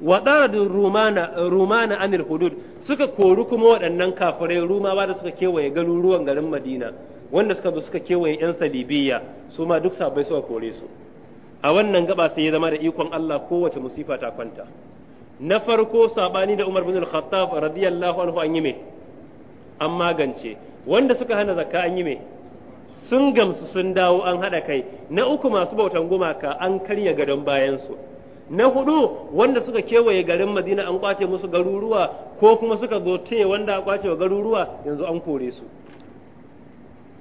wa rumana rumana anil hudud suka koru kuma waɗannan kafirai rumawa da suka kewaye garuruwan garin madina wanda suka zo suka kewaye yan salibiya su ma duk sabai suka kore su a wannan gaba sai ya zama da ikon Allah kowace musifa ta kwanta na farko sabani da Umar bin Al-Khattab radiyallahu anhu an yi me an magance wanda suka hana zakka an yi me sun gamsu sun dawo an haɗa kai na uku masu bautan gumaka an karya gadon bayan su na hudu wanda suka kewaye garin madina an kwace musu garuruwa ko kuma suka zo taya wanda a kwace garuruwa yanzu an kore su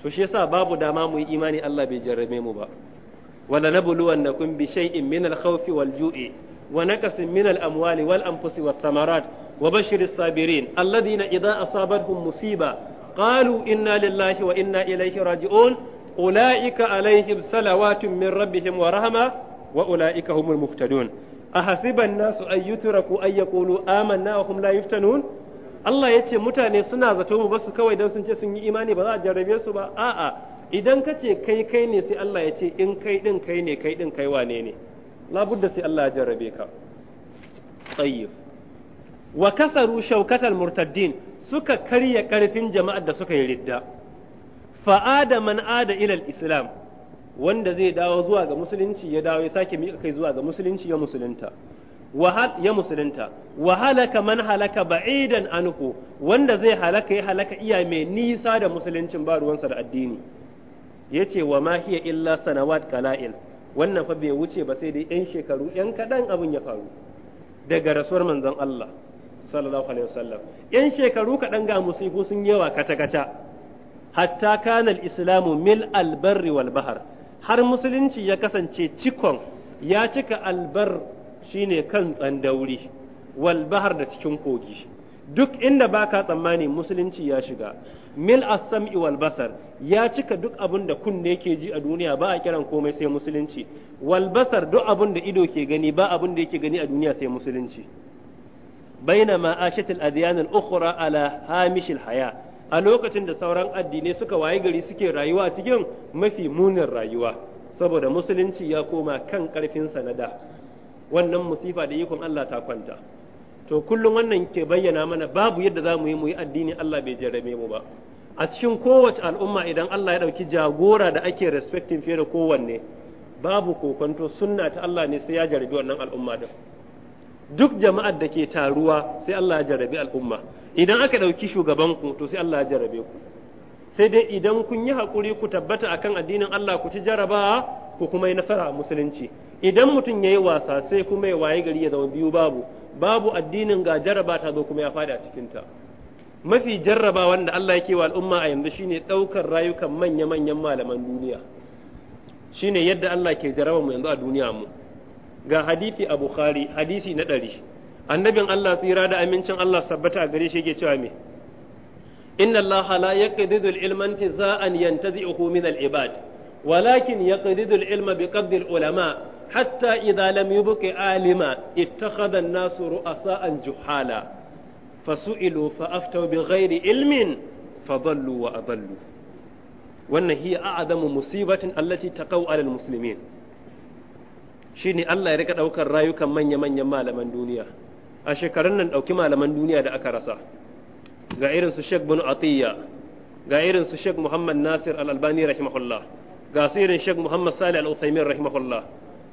to shi babu dama muyi imani Allah bai jarrabe mu ba wala nabluwannakum bi shay'in min al-khawf wal wa naqsin min amwali wal-anfusi wath wa bashshiris sabirin alladhina idza asabatuhum musiba qalu inna lillahi wa inna ilayhi raji'un ulaika alaihim salawatun min rabbihim wa rahma wa ulaika humul muhtadun ahasiba an-nasu an yutraku ay yaqulu amanna Allah ya ce mutane suna zato mu basu kawai don sun ce sun yi imani ba za a jarrabe su ba a'a idan ka ce kai kai ne sai Allah ya ce in kai din kai ne kai din kai wane ne labudda sai Allah ya jarrabe ka tayyib wa kasaru shaukatal murtaddin suka karya karfin jama'ar da suka yi ridda fa'ada man ada ilal islam wanda zai dawo zuwa ga musulunci ya dawo ya sake mika kai zuwa ga musulunci ya musulunta wahal ya musulunta halaka man halaka ba'idan anhu wanda zai halaka ya halaka iya mai nisa da musuluncin ba ruwansa da addini yace wa ma hiya illa sanawat kala'il wannan fa bai wuce ba sai dai yan shekaru yan kadan abin ya faru daga rasuwar manzon Allah sallallahu alaihi wasallam yan shekaru kadan ga musibu sun yawa kaca kaca hatta kana al mil al-barri wal bahr har musulunci ya kasance cikon ya cika albar shine kan tsandauri wal bahar da cikin kogi duk inda baka tsammani musulunci ya shiga mil as-sam'i wal basar ya cika duk abin da kunne ke ji a duniya ba a kiran komai sai musulunci wal basar duk abin da ido ke gani ba abin da yake gani a duniya sai musulunci bainama ashat al-adyan al-ukhra ala hamish al-haya a lokacin da sauran addinai suka waye gari suke rayuwa cikin mafi munin rayuwa saboda musulunci ya koma kan karfin sanada wannan musifa da ikon Allah ta kwanta to kullum wannan ke bayyana mana babu yadda za mu yi mu yi addini Allah bai jarrabe mu ba a cikin kowace al'umma idan Allah ya ɗauki jagora da ake respecting fiye da kowanne babu kokonto sunna ta Allah ne sai ya jarabi wannan al'umma da duk jama'ar da ke taruwa sai Allah ya jarabi al'umma idan aka ɗauki shugaban ku to sai Allah ya jarrabe ku sai dai idan kun yi haƙuri ku tabbata akan addinin Allah ku ci jarabawa ko kuma ya nasara a musulunci idan mutum ya yi wasa sai kuma ya waye gari ya zama biyu babu babu addinin ga jarraba ta zo kuma ya fada a cikinta mafi jarraba wanda Allah yake wa al'umma a yanzu shine ɗaukar rayukan manya-manyan malaman duniya shine yadda Allah ke jarraba mu yanzu a duniya mu ga hadisi a Bukhari hadisi na ɗari annabin Allah tsira da amincin Allah sabbata a gare shi yake cewa me inna Allah la yaqdidu al-ilma an yantazi'uhu min al-ibad walakin yaqdidu al-ilma bi qadri ulama hatta idza lam yubqi alima ittakhadha Nasiru a sa'an juhala fasu'ilu fa aftaw bi ghairi ilmin fadallu wa adallu wannan hiya a'zamu musibatin allati ta 'ala al-muslimin shine Allah ya rika daukar rayukan manya-manyan malaman duniya a shekarun nan ɗauki malaman duniya da aka rasa ga irin su Sheikh bin Atiyya ga irin su Sheikh Muhammad Nasir Al-Albani rahimahullah ga su irin Sheikh Muhammad Salih al uthaymeen rahimahullah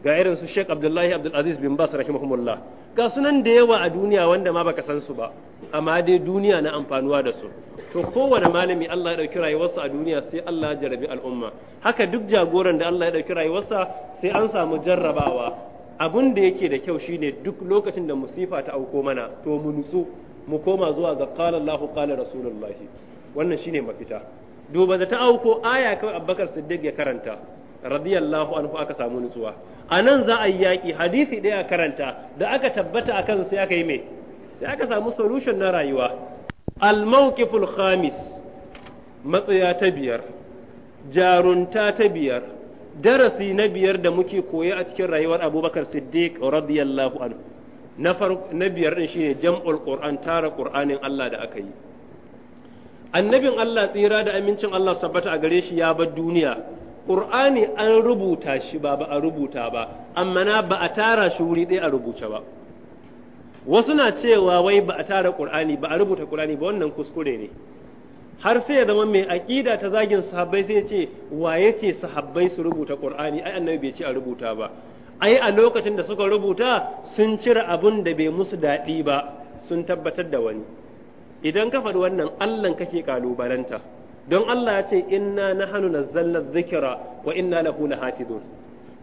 ga irin su Sheikh Abdullahi Abdul Aziz bin Bas rahimahullah ga sunan da yawa a duniya wanda ma baka san su ba amma dai duniya na amfanuwa da su to kowane malami Allah ya dauki rayuwarsa a duniya sai Allah ya jarabi al'umma haka duk jagoran da Allah ya dauki rayuwarsa sai an samu jarrabawa abun da yake da kyau shine duk lokacin da musifa ta auko mana to mu nutsu mu koma zuwa ga qala Allahu qala rasulullahi wannan shine mafita duba da ta auko aya kawai Abubakar Siddiq ya karanta radiyallahu anhu aka samu nutsuwa a nan za a yi yaƙi hadisi ɗaya karanta da aka tabbata a kan sai aka yi mai sai aka samu solution na rayuwa al-mawqiful khamis matsaya ta biyar jarunta ta biyar darasi na biyar da muke koyi a cikin rayuwar abubakar siddiq radiyallahu anhu na biyar din shine jam'ul qur'an tara qur'anin Allah da aka yi annabin Allah tsira da amincin Allah sabbata a gare shi ya bar duniya Qur'ani an rubuta shi ba ba a rubuta ba amma na ba a tara shi wuri ɗaya a rubuce ba wasu na cewa wai ba a tara Qur'ani ba a rubuta Qur'ani ba wannan kuskure ne har sai ya zama mai aƙida ta zagin sahabbai sai ya ce waye ce sahabbai su rubuta Qur'ani ai annabi bai ce a rubuta ba ai a lokacin da suka rubuta sun cire abun da bai musu daɗi ba sun tabbatar da wani idan ka faɗi wannan Allah kake kalubalanta don Allah ya ce inna nahnu nazzalna dhikra wa inna lahu lahafizun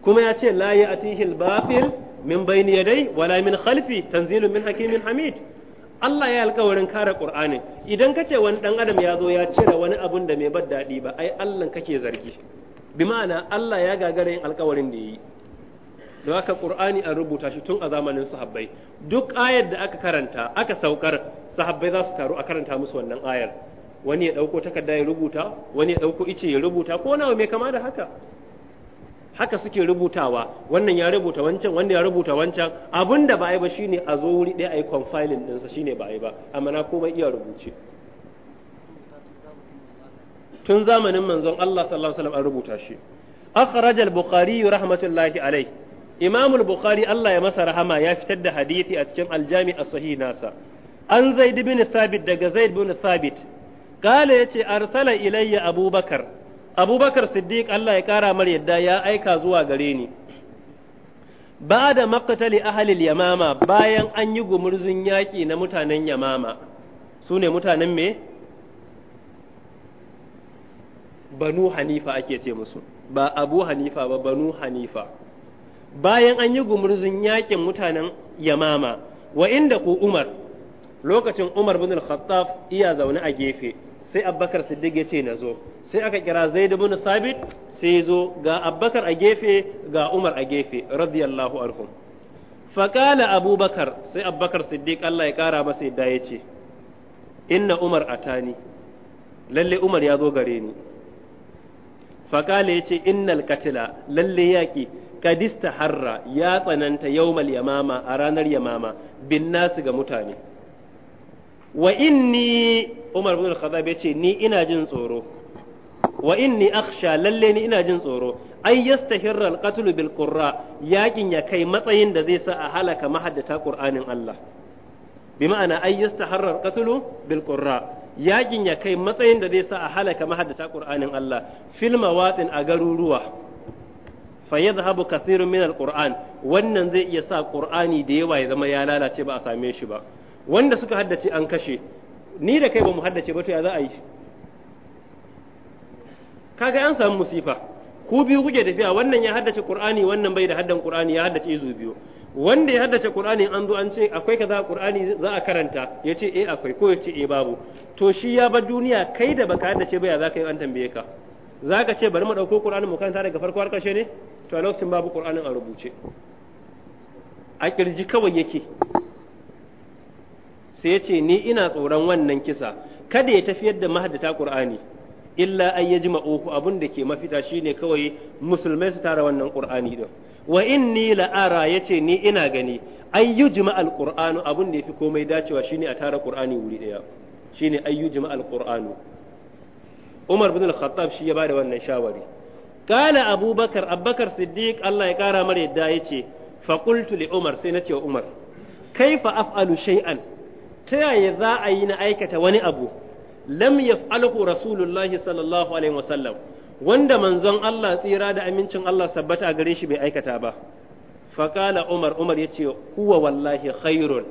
kuma ya ce la ya'tihi al-batil min bayni dai wala min khalfi tanzilun min hakimin hamid Allah ya alkawarin kare Qur'ani idan ka ce wani ɗan adam ya zo ya cire wani abun da mai bad daɗi ba ai Allah kake zargi bi ma'ana Allah ya gagara yin alkawarin da ya yi. don haka qur'ani an rubuta shi tun a zamanin sahabbai duk ayar da aka karanta aka saukar sahabbai za su taru a karanta musu wannan ayar wani ya dauko takarda ya rubuta wani ya dauko ice ya rubuta ko nawa mai kama da haka haka suke rubutawa wannan ya rubuta wancan wannan ya rubuta wancan abinda da ba ai ba shine a zo wuri ɗaya a yi confiling ɗinsa shine ba ai ba amma na komai iya rubuce tun zamanin manzon Allah sallallahu alaihi wasallam an rubuta shi akhrajal bukhari rahmatullahi alaihi Imam al-Bukhari Allah ya masa rahama ya fitar da hadisi a cikin Al-Jami' as-Sahih nasa. An Zaid bin Thabit daga Zaid bin Thabit kale yace arsala ilayya Abubakar Abubakar Siddiq Allah ya kara mar yadda ya aika zuwa gare ni. Ba da maktali ahalil yamama bayan an yi gumurzun yaƙi na mutanen yamama su ne mutanen me? Banu Hanifa ake ce musu, ba Abu Hanifa ba Banu Hanifa. bayan an yi gumurzun yakin mutanen yamama wa inda ku umar lokacin umar bin al-khattab iya zaune a gefe sai abbakar siddiq ya ce na zo sai aka kira zaid bin sabit sai zo ga abbakar a gefe ga umar a gefe radiyallahu anhum faqala abubakar sai abbakar siddiq Allah ya kara masa yadda ya ce inna umar atani lalle umar ya zo gare ni faqala ya ce innal katila lalle yaki kadista harra ya tsananta yawmal yamama a ranar yamama bin nasu ga mutane wa inni Umar bin Khattab ya ce ni ina jin tsoro wa inni akhsha lalle ni ina jin tsoro ay yastahirra al-qatl bil qurra yakin ya kai matsayin da zai sa a halaka mahaddata Qur'anin Allah bi ma'ana ay yastahirra al-qatl bil qurra yakin ya kai matsayin da zai sa a halaka mahaddata Qur'anin Allah fil mawatin a garuruwa fa yadhhabu kathirun min alquran wannan zai iya sa qur'ani da yawa ya zama ya lalace ba a same shi ba wanda suka haddace an kashe ni da kai ba mu haddace ba to ya za a yi kaga an samu musifa ku biyu kuke tafiya wannan ya haddace qur'ani wannan bai da haddan qur'ani ya haddace izu biyu wanda ya haddace qur'ani an zo an ce akwai kaza qur'ani za a karanta ya ce eh akwai ko ya ce eh babu to shi ya bar duniya kai da baka haddace ba ya ka yi an tambaye ka Za ka ce bari mu ɗauko qur'ani mu karanta daga farko har ƙarshe ne to a lokacin babu qur'anin a rubuce a kirji kawai yake sai ya ni ina tsoron wannan kisa kada ya tafi yadda mahaddata qur'ani illa an yaji abun da ke mafita shine kawai musulmai su tara wannan qur'ani din wa inni la'ara yace ni ina gani an yujma alqur'anu abun da yafi komai dacewa shine a tara qur'ani wuri daya shine an yujma alqur'anu Umar bin al-Khattab shi ya bada wannan shawari kala abubakar abubakar siddiq Allah ya kara mara yadda ya ce faƙultu li umar sai na ce wa umar kaifa af'alu shay'an ta yaya za a yi na aikata wani abu lamyaf yaf'alhu rasulullahi sallallahu alaihi wasallam wanda manzon Allah tsira da amincin Allah sabbata a gare shi bai aikata ba faƙala umar umar ya ce huwa wallahi khairun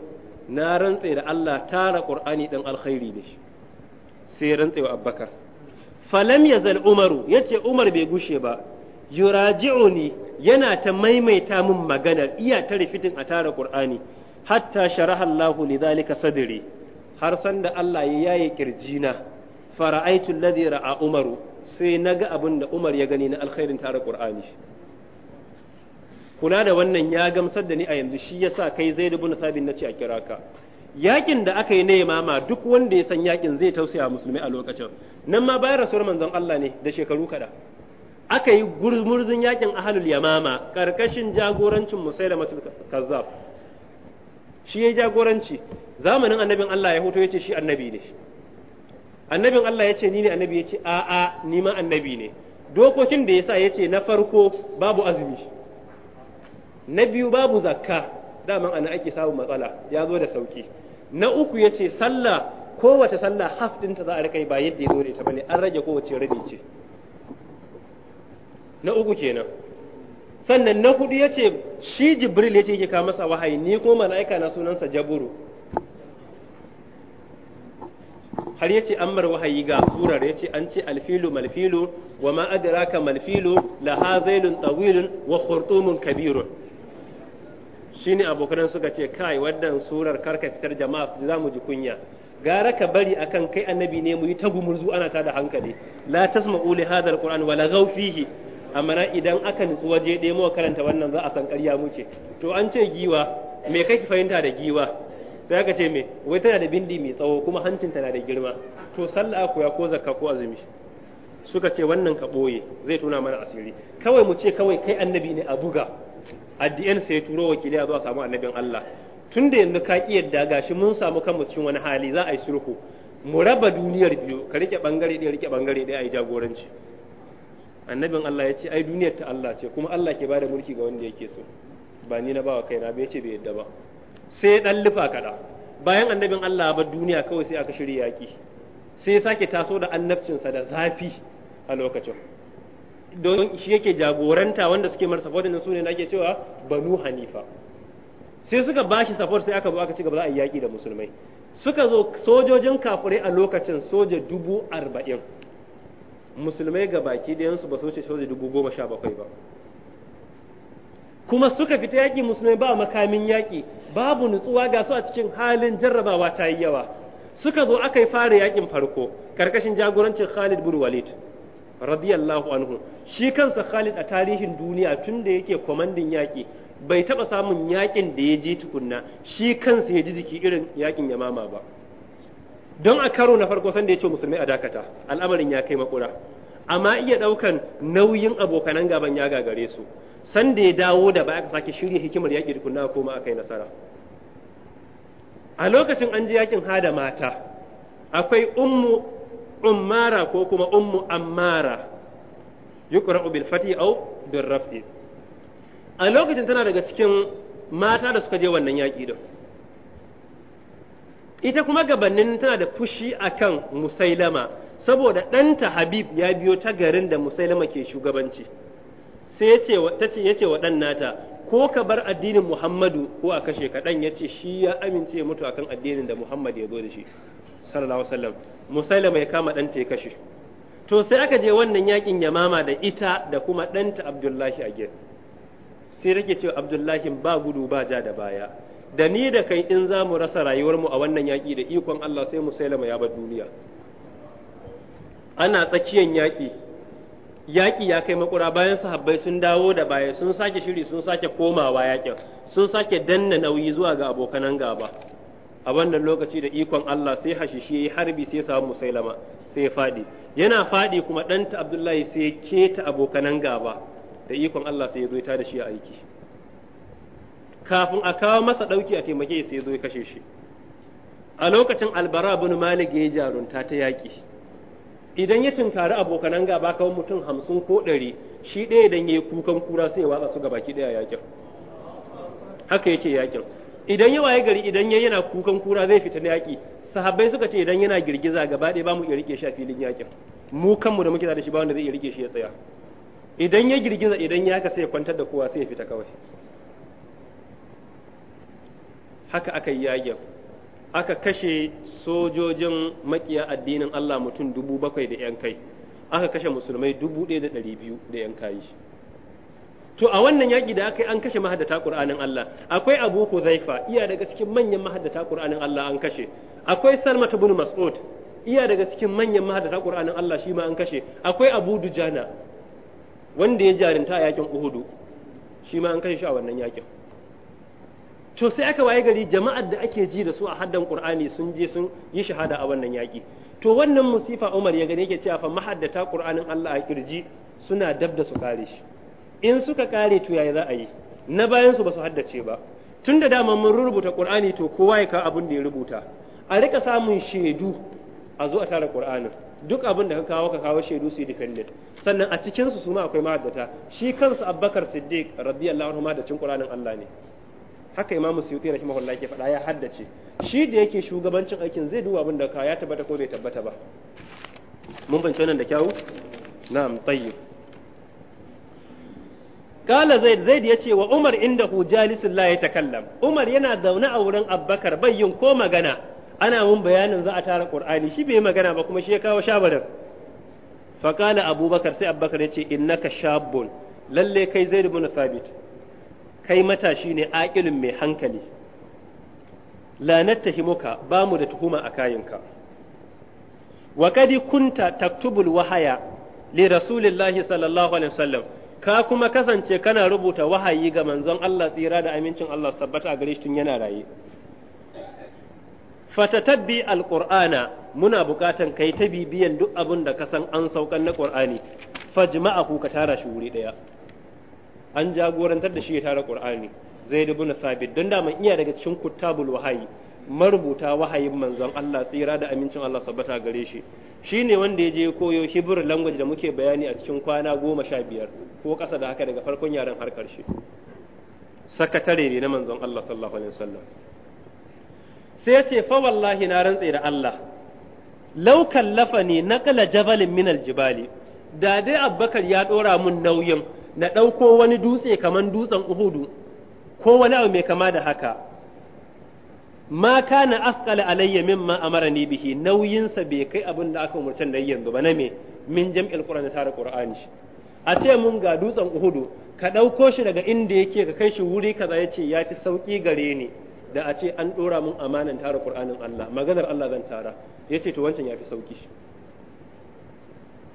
na rantse da Allah tara qur'ani ɗin alkhairi ne sai rantsewa abubakar falam ya yazal umaru yace umar bai gushe ba yuraji'uni yana ta maimaita min maganar iya ta rifitin a tara qur'ani hatta sharaha Allah lidhalika sadri har san da Allah ya yaye kirjina fara'aitu alladhi ra'a umaru sai naga abin da Umar ya gani na alkhairin tara qur'ani kula da wannan ya gamsar da ni a yanzu shi yasa kai Zaid ibn Thabit nace a kira ka yakin da aka yi na yamama duk wanda ya san yakin zai tausaya musulmi a lokacin nan ma bayan rasuwar manzon Allah ne da shekaru kaɗa aka yi gurmurzin yakin ahalul yamama karkashin jagorancin masu kazzab shi ya jagoranci zamanin annabin Allah ya hoto ya ce shi annabi ne annabin Allah ya ce ni ne annabi ya ce a'a ni ma annabi ne dokokin da ya sa ya ce na farko babu azumi na biyu babu zakka daman ana ake samun matsala ya zo da sauki na uku ya ce sallah kowace sallah half dinta za a rika yi ba yadda ya zo da ita bane an rage kowace rabi ce na uku kenan sannan na hudu ya ce shi jibril ya ce yake kawo masa wahayi ni ko mala'ika na sunansa jaburu har ya ce an mar wahayi ga surar ya ce an ce alfilu malfilu wa ma adraka malfilu la hazailun tawilun wa khurtumun kabirun shine abokan suka ce kai wannan surar karka fitar jama'a za mu ji kunya gara ka bari akan kai annabi ne mu yi ta gumurzu ana ta da hankali la tasma'u li hadha alquran wa lagaw fihi amma idan aka nutsu waje ɗaya mu karanta wannan za a san ƙarya muke to an ce giwa me kake fahimta da giwa sai aka ce me wai tana da bindi mai tsawo kuma hantinta tana da girma to sallah ko ya ko zakka ko azumi suka ce wannan ka boye zai tuna mana asiri kawai mu ce kawai kai annabi ne a buga addi'an sai turo wakili a zo a samu annabin Allah tun da yanzu ka ƙi yadda gashi mun samu kanmu cikin wani hali za a yi sulhu mu raba duniyar biyu ka rike bangare ɗaya rike bangare ɗaya a yi jagoranci annabin Allah ya ce ai duniyar ta Allah ce kuma Allah ke bada mulki ga wanda yake so ba ni na bawa kaina ba ce bai yadda ba sai ɗan lufa kaɗa. bayan annabin Allah ba duniya kawai sai aka shirya yaƙi? sai ya sake taso da annabcinsa da zafi a lokacin don shi yake jagoranta wanda suke marsa fadin su ne da ake cewa banu hanifa sai suka bashi safar sai aka zo aka ci gaba za a yi yaƙi da musulmai suka zo sojojin kafirai a lokacin soja dubu arba'in musulmai ga baki ɗayansu ba su soja dubu goma sha bakwai ba kuma suka fita yaƙi musulmai ba makamin yaƙi babu nutsuwa ga su a cikin halin jarrabawa ta yi yawa suka zo aka yi fara yaƙin farko karkashin jagorancin Khalid bin Walid radiyallahu anhu shi kansa Khalid a tarihin duniya tun da yake kwamandin yaƙi bai taba samun yakin da ya ji tukunna shi kansa ya ji jiki irin yakin yamama ba don a karo na farko sanda ya ce musulmi a dakata al'amarin ya kai makura amma iya daukan nauyin abokanan gaban ya gagare su sanda ya dawo da ba aka sake shirya hikimar yaki tukunna kuma aka yi nasara a lokacin an ji yakin hada mata akwai ummu ummara ko kuma ummu ammara yuqra'u bil fati aw bil raf'i a lokacin tana daga cikin mata da suka je wannan yaƙi din ita kuma gabanin tana da fushi a kan musailama saboda ɗanta habib ya biyo ta garin da musailama ke shugabanci sai ya ce wa ɗan nata ko ka bar addinin muhammadu ko a kashe ka ɗan ya ce shi ya amince ya mutu akan addinin da muhammad ya zo da shi sallallahu wasallam musailama ya kama ɗanta ya kashe to sai aka je wannan yakin yamama da ita da kuma ɗanta abdullahi a gefe sai rage cewa abdullahi ba gudu ba ja da baya da ni da kai in za mu rasa rayuwarmu a wannan yaƙi da ikon Allah sai mu sailama ya bar duniya ana tsakiyan yaƙi yaƙi ya kai makura bayan sahabbai sun dawo da baya sun sake shiri sun sake komawa yaƙin sun sake danna nauyi zuwa ga abokanan gaba a wannan lokaci da ikon Allah sai hashishi yayi harbi sai samu musailama sai ya faɗi yana faɗi kuma ɗanta Abdullahi sai keta abokanan gaba da ikon Allah sai ya zo ya da shi a aiki kafin a kawo masa ɗauki a taimake sai ya zo ya kashe shi a lokacin albara bin malik ya jarunta ta yaƙi idan ya tunkari abokanan gaba kawai mutum hamsin ko ɗari shi ɗaya idan ya yi kukan kura sai ya watsa su ki ɗaya yaƙin haka yake yaƙin idan ya gari idan ya yana kukan kura zai fita na yaƙi sahabbai suka ce idan yana girgiza gaba ɗaya ba mu iya rike shi a filin yaƙin mu kanmu da muke da shi ba wanda zai iya rike shi ya tsaya idan ya girgiza idan ya sai ya kwantar da kowa sai ya fita kawai haka aka yi yagen aka kashe sojojin makiya addinin Allah mutum dubu bakwai da yan kai aka kashe musulmai dubu ɗaya da ɗari biyu da yan kayi to a wannan yaƙi da aka yi an kashe mahaddata ƙur'anin Allah akwai Abu zaifa iya daga cikin manyan mahaddata ƙur'anin Allah an kashe akwai Salma bin Mas'ud iya daga cikin manyan mahaddata ƙur'anin Allah shi ma an kashe akwai Abu Dujana wanda ya jarinta a yakin uhudu shi ma an kashe shi a wannan yakin to sai aka waye gari jama'ar da ake ji da su a haddan qur'ani sun je sun yi shahada a wannan yaki to wannan musifa umar ya gani yake cewa fa mahaddata qur'anin Allah a kirji suna dab da su kare shi in suka kare to yaya za a yi na bayan su ba su haddace ba tun da dama mun rubuta qur'ani to kowa ya kawo abin da ya rubuta a rika samun shaidu a zo a tara qur'anin duk abin da ka kawo ka kawo shaidu su yi dependent sannan a cikin su suma akwai mahadata, shi kansu Abubakar Siddiq radiyallahu anhu ma da cin Qur'anin Allah ne haka Imam Suyuti rahimahullahi ke faɗa ya haddace shi da yake shugabancin aikin zai duba abin da ka ya tabbata ko bai tabbata ba mun bance nan da kyau, na'am tayyib kala zaid zaid ya ce wa umar inda hu jalisun la ya umar yana zaune a wurin abbakar bai ko magana ana mun bayanin za a tara qur'ani shi bai magana ba kuma shi ya kawo shabarin faƙala abubakar sai abubakar ya ce innaka shabon lalle kai zai bin sabit kai matashi ne aƙilin mai hankali lanatta himoka ba mu da tuhuma a kayanka wa kadi kunta taktubul wahaya li rasulillahi sallallahu alaihi wasallam ka kuma kasance kana rubuta wahayi ga manzon Allah tsira da amincin Allah sabbata a gare shi tun yana raye fatatabbi alqur'ana muna bukatan kai ta bibiyan duk abin da ka san an saukan na Qur'ani ku ka tara shi wuri daya an jagorantar da shi ya tara Qur'ani Zaid ibn Thabit don mun iya daga cikin kutabul wahayi marubuta wahayin manzon Allah tsira da amincin Allah sabbata gare shi shine wanda ya je koyo Hebrew language da muke bayani a cikin kwana goma sha biyar ko kasa da haka daga farkon yaren har ƙarshe sakatare ne na manzon Allah sallallahu alaihi wasallam sai ya ce fa wallahi na rantse da Allah lau kallafa ne kala jabalin minal jibali da dai abbakar ya dora mun nauyin na ɗauko wani dutse kamar dutsen uhudu ko wani abu mai kama da haka ma kana askala alayya mimma ni bihi nauyinsa bai kai abin da aka umarci da yanzu ba na me min jam'il qur'ani tare qur'ani a ce mun ga dutsen uhudu ka ɗauko shi daga inda yake ka kai shi wuri kaza yace yafi sauki gare ni da a ce an dora mun amanan tara qur'anin Allah maganar Allah zan tara yace to wancan yafi sauki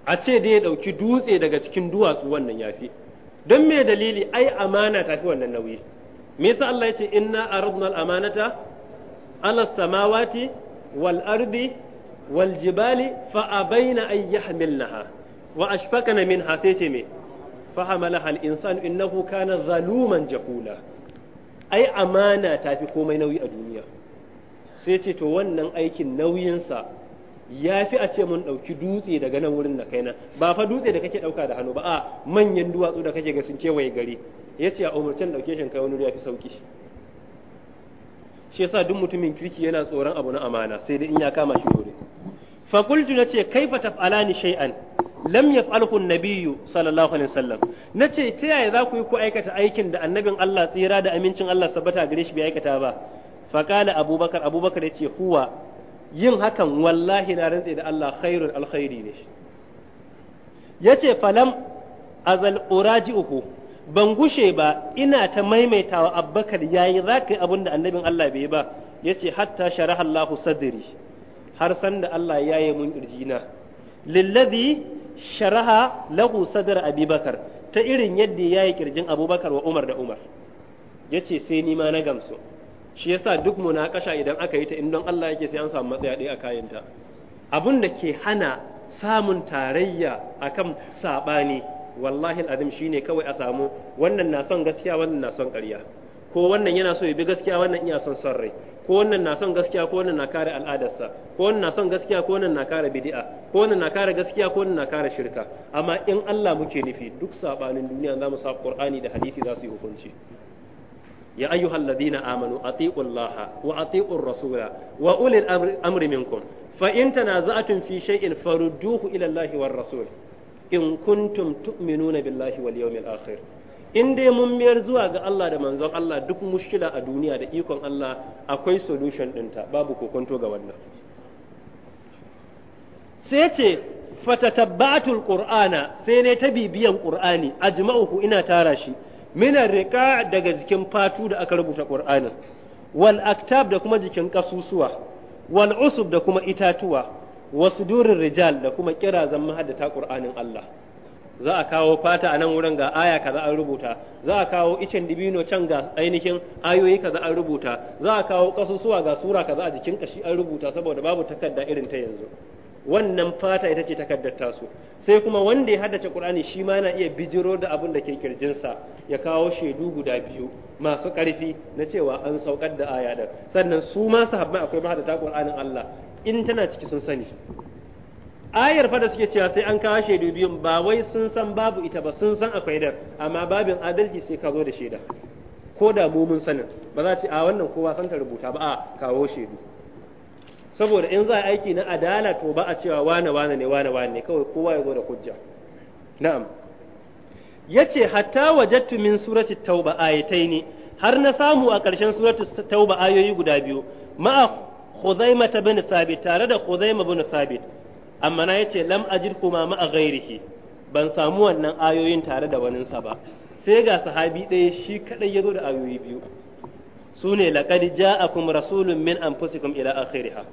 a ce da ya dauki dutse daga cikin duwatsu wannan yafi don me dalili ai amana ta fi wannan nauyi me yasa Allah yace inna aradna al-amanata ala samawati wal ardi wal jibali fa abaina an yahmilnaha wa ashfakana minha sai ce me fa hamalaha al-insanu innahu kana zaluman jahula ai amana ta fi komai nauyi a duniya sai ce to wannan aikin nauyinsa ya fi a ce mun ɗauki dutse daga nan wurin na kaina ba fa dutse da kake ɗauka da hannu ba a manyan duwatsu da kake ga sun kewaye gari ya ce a umarcin ɗauke shi kai wani ya fi sauki shi yasa duk mutumin kirki yana tsoron abu na amana sai dai in ya kama shi dole fa qultu nace kaifa taf'alani shay'an lam yaf'alhu an-nabiyyu sallallahu alaihi wasallam nace ta yaya za ku yi ku aikata aikin da annabin Allah tsira da amincin Allah sabbata gare shi bai aikata ba fa qala abubakar abubakar yace huwa yin hakan wallahi na rantse da Allah khairul alkhairi ne yace falam azal uraji'uhu ban gushe ba ina ta maimaitawa abubakar yayi zaka yi abin da annabin Allah bai ba yace hatta sharaha Allahu sadri har sanda Allah yayi mun kirjina lillazi sharaha lahu sadar abi ta irin yadda ya yi kirjin abubakar wa umar da umar ya ce sai ni ma na gamsu shi yasa duk mu na kasha idan aka yi ta in don Allah yake sai an samu matsaya ɗaya a kayanta abun da ke hana samun tarayya akan saɓani wallahi al'adim ne kawai a samu wannan na son gaskiya wannan na son ƙarya ko wannan yana so ya bi gaskiya wannan iya son son rai ko wannan na son gaskiya ko wannan na kare al'adarsa ko wannan na son gaskiya ko wannan na kare bid'a ko wannan na kare gaskiya ko wannan na kare shirka amma in Allah muke nufi duk sabanin duniya za mu sa Qur'ani da hadisi za su yi hukunci ya ayyuhal ladina amanu atiqullaha wa atiqur rasula wa ulil amri minkum fa in tanaza'tum fi shay'in farudduhu ila Allahi war rasul in kuntum tu'minuna billahi wal yawmil akhir in dai mun miyar zuwa ga Allah da manzon Allah duk mushkila a duniya da ikon Allah akwai solution ɗinta babu kokonto ga wannan sai ce fatatabbatul qur'ana sai ne ta bibiyan qur'ani ajma'uhu ina tara shi mina riqa daga jikin fatu da aka rubuta qur'anin wal aktab da kuma jikin kasusuwa wal usub da kuma itatuwa wasu durin rijal da kuma kirazan mahaddata qur'anin Allah za a kawo fata a nan wurin ga aya kaza an rubuta za a kawo icen dibino can ga ainihin ayoyi kaza an rubuta za a kawo ƙasusuwa ga sura kaza a jikin kashi an rubuta saboda babu takarda irin ta yanzu wannan fata ita ce takardar su. sai kuma wanda ya haddace qur'ani shi ma yana iya bijiro da abin da ke kirjinsa ya kawo shaidu guda biyu masu ƙarfi na cewa an saukar da aya sannan su ma sahabbai akwai mahaddata qur'anin Allah in tana ciki sun sani ayar fa da suke cewa sai an kawo shaidu biyun ba wai sun san babu ita ba sun san akwai da amma babin adalci sai ka zo da shaida ko da mu mun sanin ba za ce a wannan kowa san ta rubuta ba a kawo shaidu saboda in za a aiki na adala to ba a cewa wane wane ne wane wane ne kawai kowa ya zo da hujja na'am yace hatta wajattu min surati tauba ayataini har na samu a ƙarshen surati tauba ayoyi guda biyu ma'a Khuzaimah bin Thabit tare da Khuzaimah bin Thabit amma na yace lam ajid kuma ma a ghairihi ban samu wannan ayoyin tare da waninsa ba sai ga sahabi ɗaya shi kadai ya zo da ayoyi biyu su ne laqad ja'akum rasulun min anfusikum ila akhiriha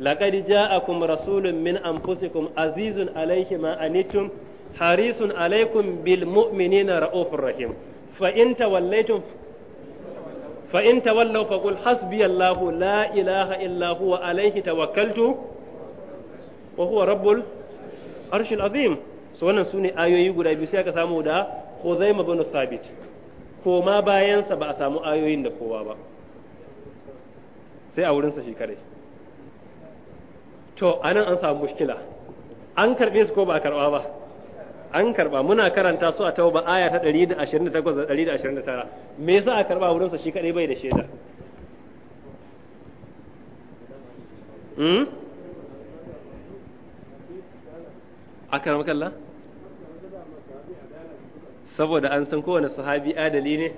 laqad ja'akum rasulun min anfusikum azizun alayhi ma anitum harisun alaykum bil mu'minina raufur rahim fa in tawallaytum fa in tawallaw faqul hasbiyallahu la ilaha illa huwa alayhi tawakkaltu wa huwa rabbul arshil azim so wannan sune ayoyi guda biyu sai aka samu da Khuzaima bin Thabit ko ma bayan sa ba a samu ayoyin da kowa ba sai a wurin sa shi kare to anan an samu mushkila an karbe su ko ba a karba ba an karba muna karanta su a tauba aya ta 128 da 129 me yasa a karba wurin sa shi kadai bai da shaida hmm? akram saboda an san kowane sahabi adali ne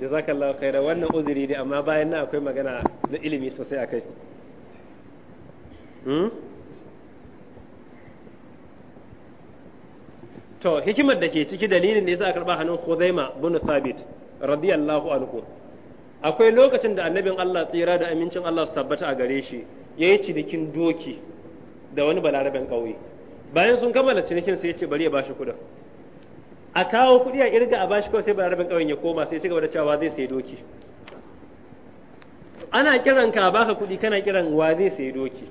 da za jazakallahu khaira wannan uzuri ne amma bayan nan akwai magana na ilimi sosai a kai. Hmm? to hikimar da ke ciki dalilin da ya sa a karba hannun Khuzaima bin Thabit radiyallahu anhu akwai lokacin da annabin Allah tsira da amincin Allah su tabbata a gare shi yi cinikin doki da wani balarabin ƙauye bayan sun kammala cinikin sai ya ce bari ya bashi kuɗin a kawo kuɗi a irga a bashi kawai sai rabin ƙauyen ya koma sai ya ci gaba da cewa zai sai doki ana kiran ka baka kuɗi kana kiran wa zai sai doki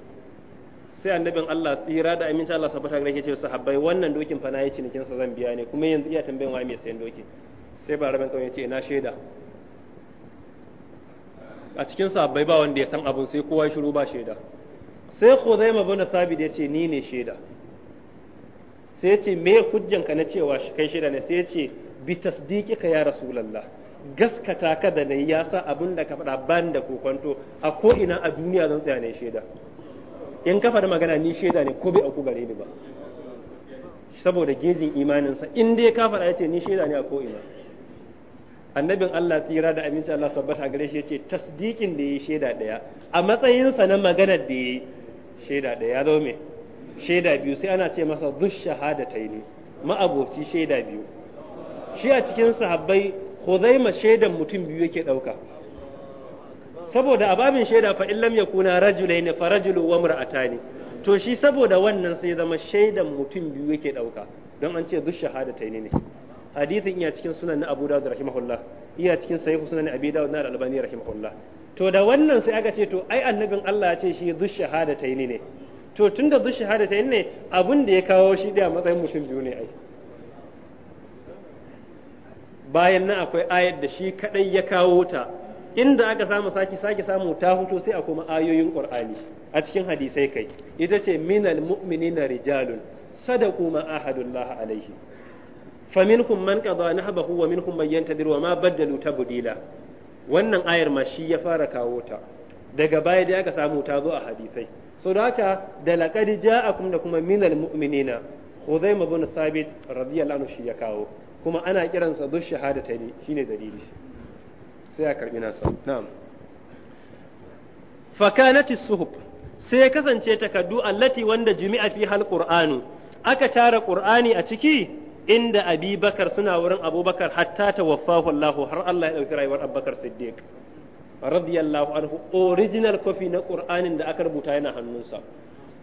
sai annabin Allah tsira da aminci Allah sabata ga yake ce sahabbai wannan dokin fa nayi cinikin sa zan biya ne kuma yanzu iya tambayan wa mai sayan doki sai rabin ƙauyen ya ce ina shaida a cikin sahabbai ba wanda ya san abun sai kowa shiru ba shaida sai Khuzaimah bin Thabit ya ce ni ne shaida sai ya ce me hujjanka na cewa kai shida ne sai ya ce bi tasdiki ka ya rasulullah gaskata ka da nayi ya sa abin da ka faɗa ban da kokonto a ko ina a duniya zan tsaya ne shaida in ka faɗa magana ni shaida ne ko bai auku gare ni ba saboda gejin imaninsa in dai ka faɗa ya ce ni shaida ne a ko ina annabin Allah tsira da aminci Allah sabbata gare shi ya ce tasdiqin da yayi shaida daya a matsayinsa na maganar da yayi shaida daya ya zo me shaida biyu sai ana ce masa zush ne ma'aboci shaida biyu shi a cikin sahabbai ma shaidan mutum biyu yake dauka saboda a babin shaida fa in lam rajulai ne fa rajulu wa mar'atani to shi saboda wannan sai zama shaidan mutum biyu yake dauka don an ce duk shahadataini ne hadithin iya cikin sunan na Abu Dawud rahimahullah iya cikin sahih sunan Abi Dawud na Al-Albani rahimahullah to da wannan sai aka ce to ai annabin Allah ya ce shi duk shahadataini ne to tun da zu ta ne abin da ya kawo shi da matsayin mutum biyu ne ai bayan nan akwai ayar da shi kadai ya kawo ta inda aka samu saki sake samu ta hoto sai a kuma ayoyin qur'ani a cikin hadisai kai ita ce minal mu'minina rijalun sadaqu ma ahadullah alaihi faminhum man qada nahbahu wa minhum man yantadir wa ma badalu tabdila wannan ayar ma shi ya fara kawo ta daga baya da aka samu ta zo a hadisai so da haka ja a ja'akum da kuma minal mu'minina Khuzaima bin Thabit radiyallahu anhu shi ya kawo kuma ana kiransa duk shahadata ne shine dalili sai ya karbi nasa na'am fakanati suhub sai ya kasance takaddu allati wanda jumi'a fi hal qur'anu aka tara qur'ani a ciki inda abubakar suna wurin abubakar hatta tawaffahu Allah har Allah ya dauki rayuwar abubakar siddiq radiyallahu anhu original copy na qur'anin da aka rubuta yana hannunsa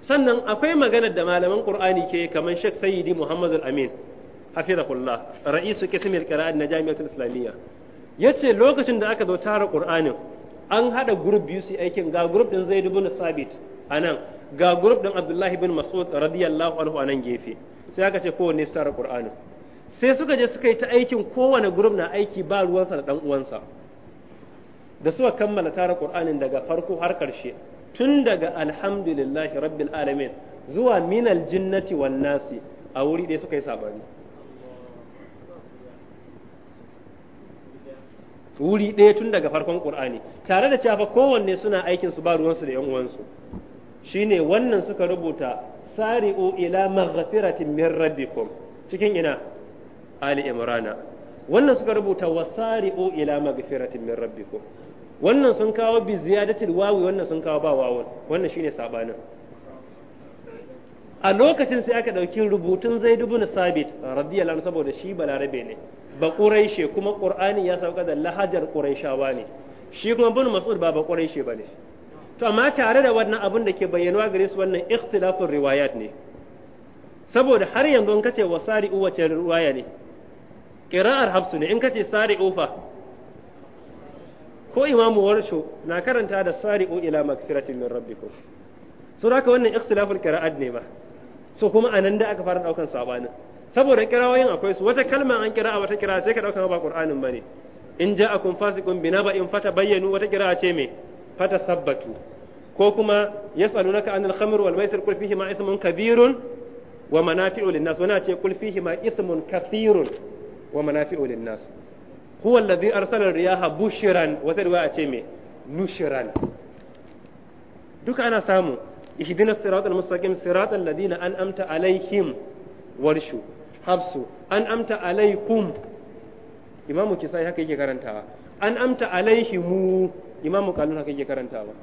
sannan akwai maganar da malaman qur'ani ke kamar Sheikh Sayyidi Muhammad Al-Amin hafizahullah ra'isu qismil qira'at na Jami'atul Islamiyya yace lokacin da aka zo tara qur'anin an hada group biyu su aikin ga group din Zaid ibn Sabit anan ga group din abdullahi ibn Mas'ud radiyallahu anhu anan gefe sai aka ce kowanne su tara qur'anin sai suka je suka yi ta aikin kowane group na aiki ba ruwansa da dan uwansa da suka kammala tara qur'anin daga farko har karshe tun daga alhamdulillahi rabbil alamin zuwa minal jinnati wan nasi a wuri ɗaya suka yi sabani wuri ɗaya tun daga farkon qur'ani tare da cewa kowanne suna aikin su ba ruwansu da yan uwansu shine wannan suka rubuta sari'u ila maghfiratin min rabbikum cikin ina ali imrana wannan suka rubuta wasari'u ila maghfiratin min rabbikum wannan sun kawo bi ziyadatul wawi wannan sun kawo ba wawun wannan shine sabanin a lokacin sai aka ɗauki rubutun zaid ibn sabit radiyallahu saboda shi balarabe ne ba quraishe kuma qur'ani ya sauka da lahajar quraishawa ne shi kuma ibn mas'ud ba ba quraishe bane to amma tare da wannan abin da ke bayyanuwa gare su wannan ikhtilafin riwayat ne saboda har yanzu in kace wasari'u wace riwaya ne qira'ar hafsu ne in kace sari'u fa ko imamu warsho na karanta da sari'u ila magfiratin min rabbikum so haka wannan ikhtilaful qira'at ne ba so kuma anan da aka fara daukan sabanin saboda kirawoyin akwai su wata kalma an kira a wata kira sai ka dauka ba qur'anin bane in ja'akum fasiqun binaba'in fatabayyanu wata kira ce me fatasabbatu ko kuma yas'alunaka anil khamr wal maisir qul fihi ma ithmun kabirun wa manafi'u lin nas wana ce qul fihi ma ithmun kathirun wa manafi'u lin nas huwa alladhi arsala riyaha bushran wata riwaya ce me nushran duka ana samu ihdina siratal mustaqim siratal ladina an'amta alaihim warshu habsu an'amta alaikum imamu kisai haka yake karantawa an'amta alaihimu imamu haka yake karantawa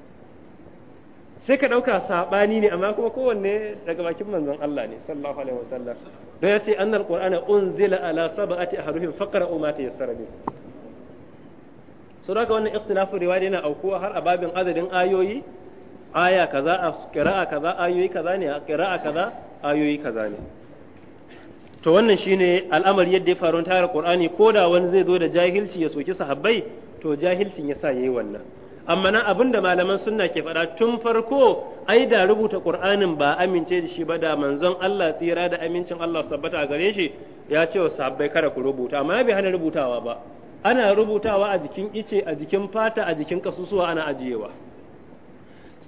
sai ka ɗauka saɓani ne amma kuma kowanne daga bakin manzon Allah ne sallallahu alaihi wasallam don ya ce annal qur'ana unzila ala sab'ati ahrufin faqra'u yassara bi sura ga wannan ikhtilafu riwaya yana aukuwa har a babin adadin ayoyi aya kaza a qira'a kaza ayoyi kaza ne a qira'a kaza ayoyi kaza ne to wannan shine al'amari yadda ya faru tare Qur'ani ko da wani zai zo da jahilci ya soki sahabbai to jahilcin yasa yayi wannan amma nan abin da malaman sunna ke faɗa tun farko ai da rubuta qur'anin ba amince da shi ba da manzon Allah tsira da amincin Allah sabbata a gare shi ya ce wa sahabbai kada ku rubuta amma bai hana rubutawa ba ana rubutawa a jikin ice a jikin fata a jikin kasusuwa ana ajiyewa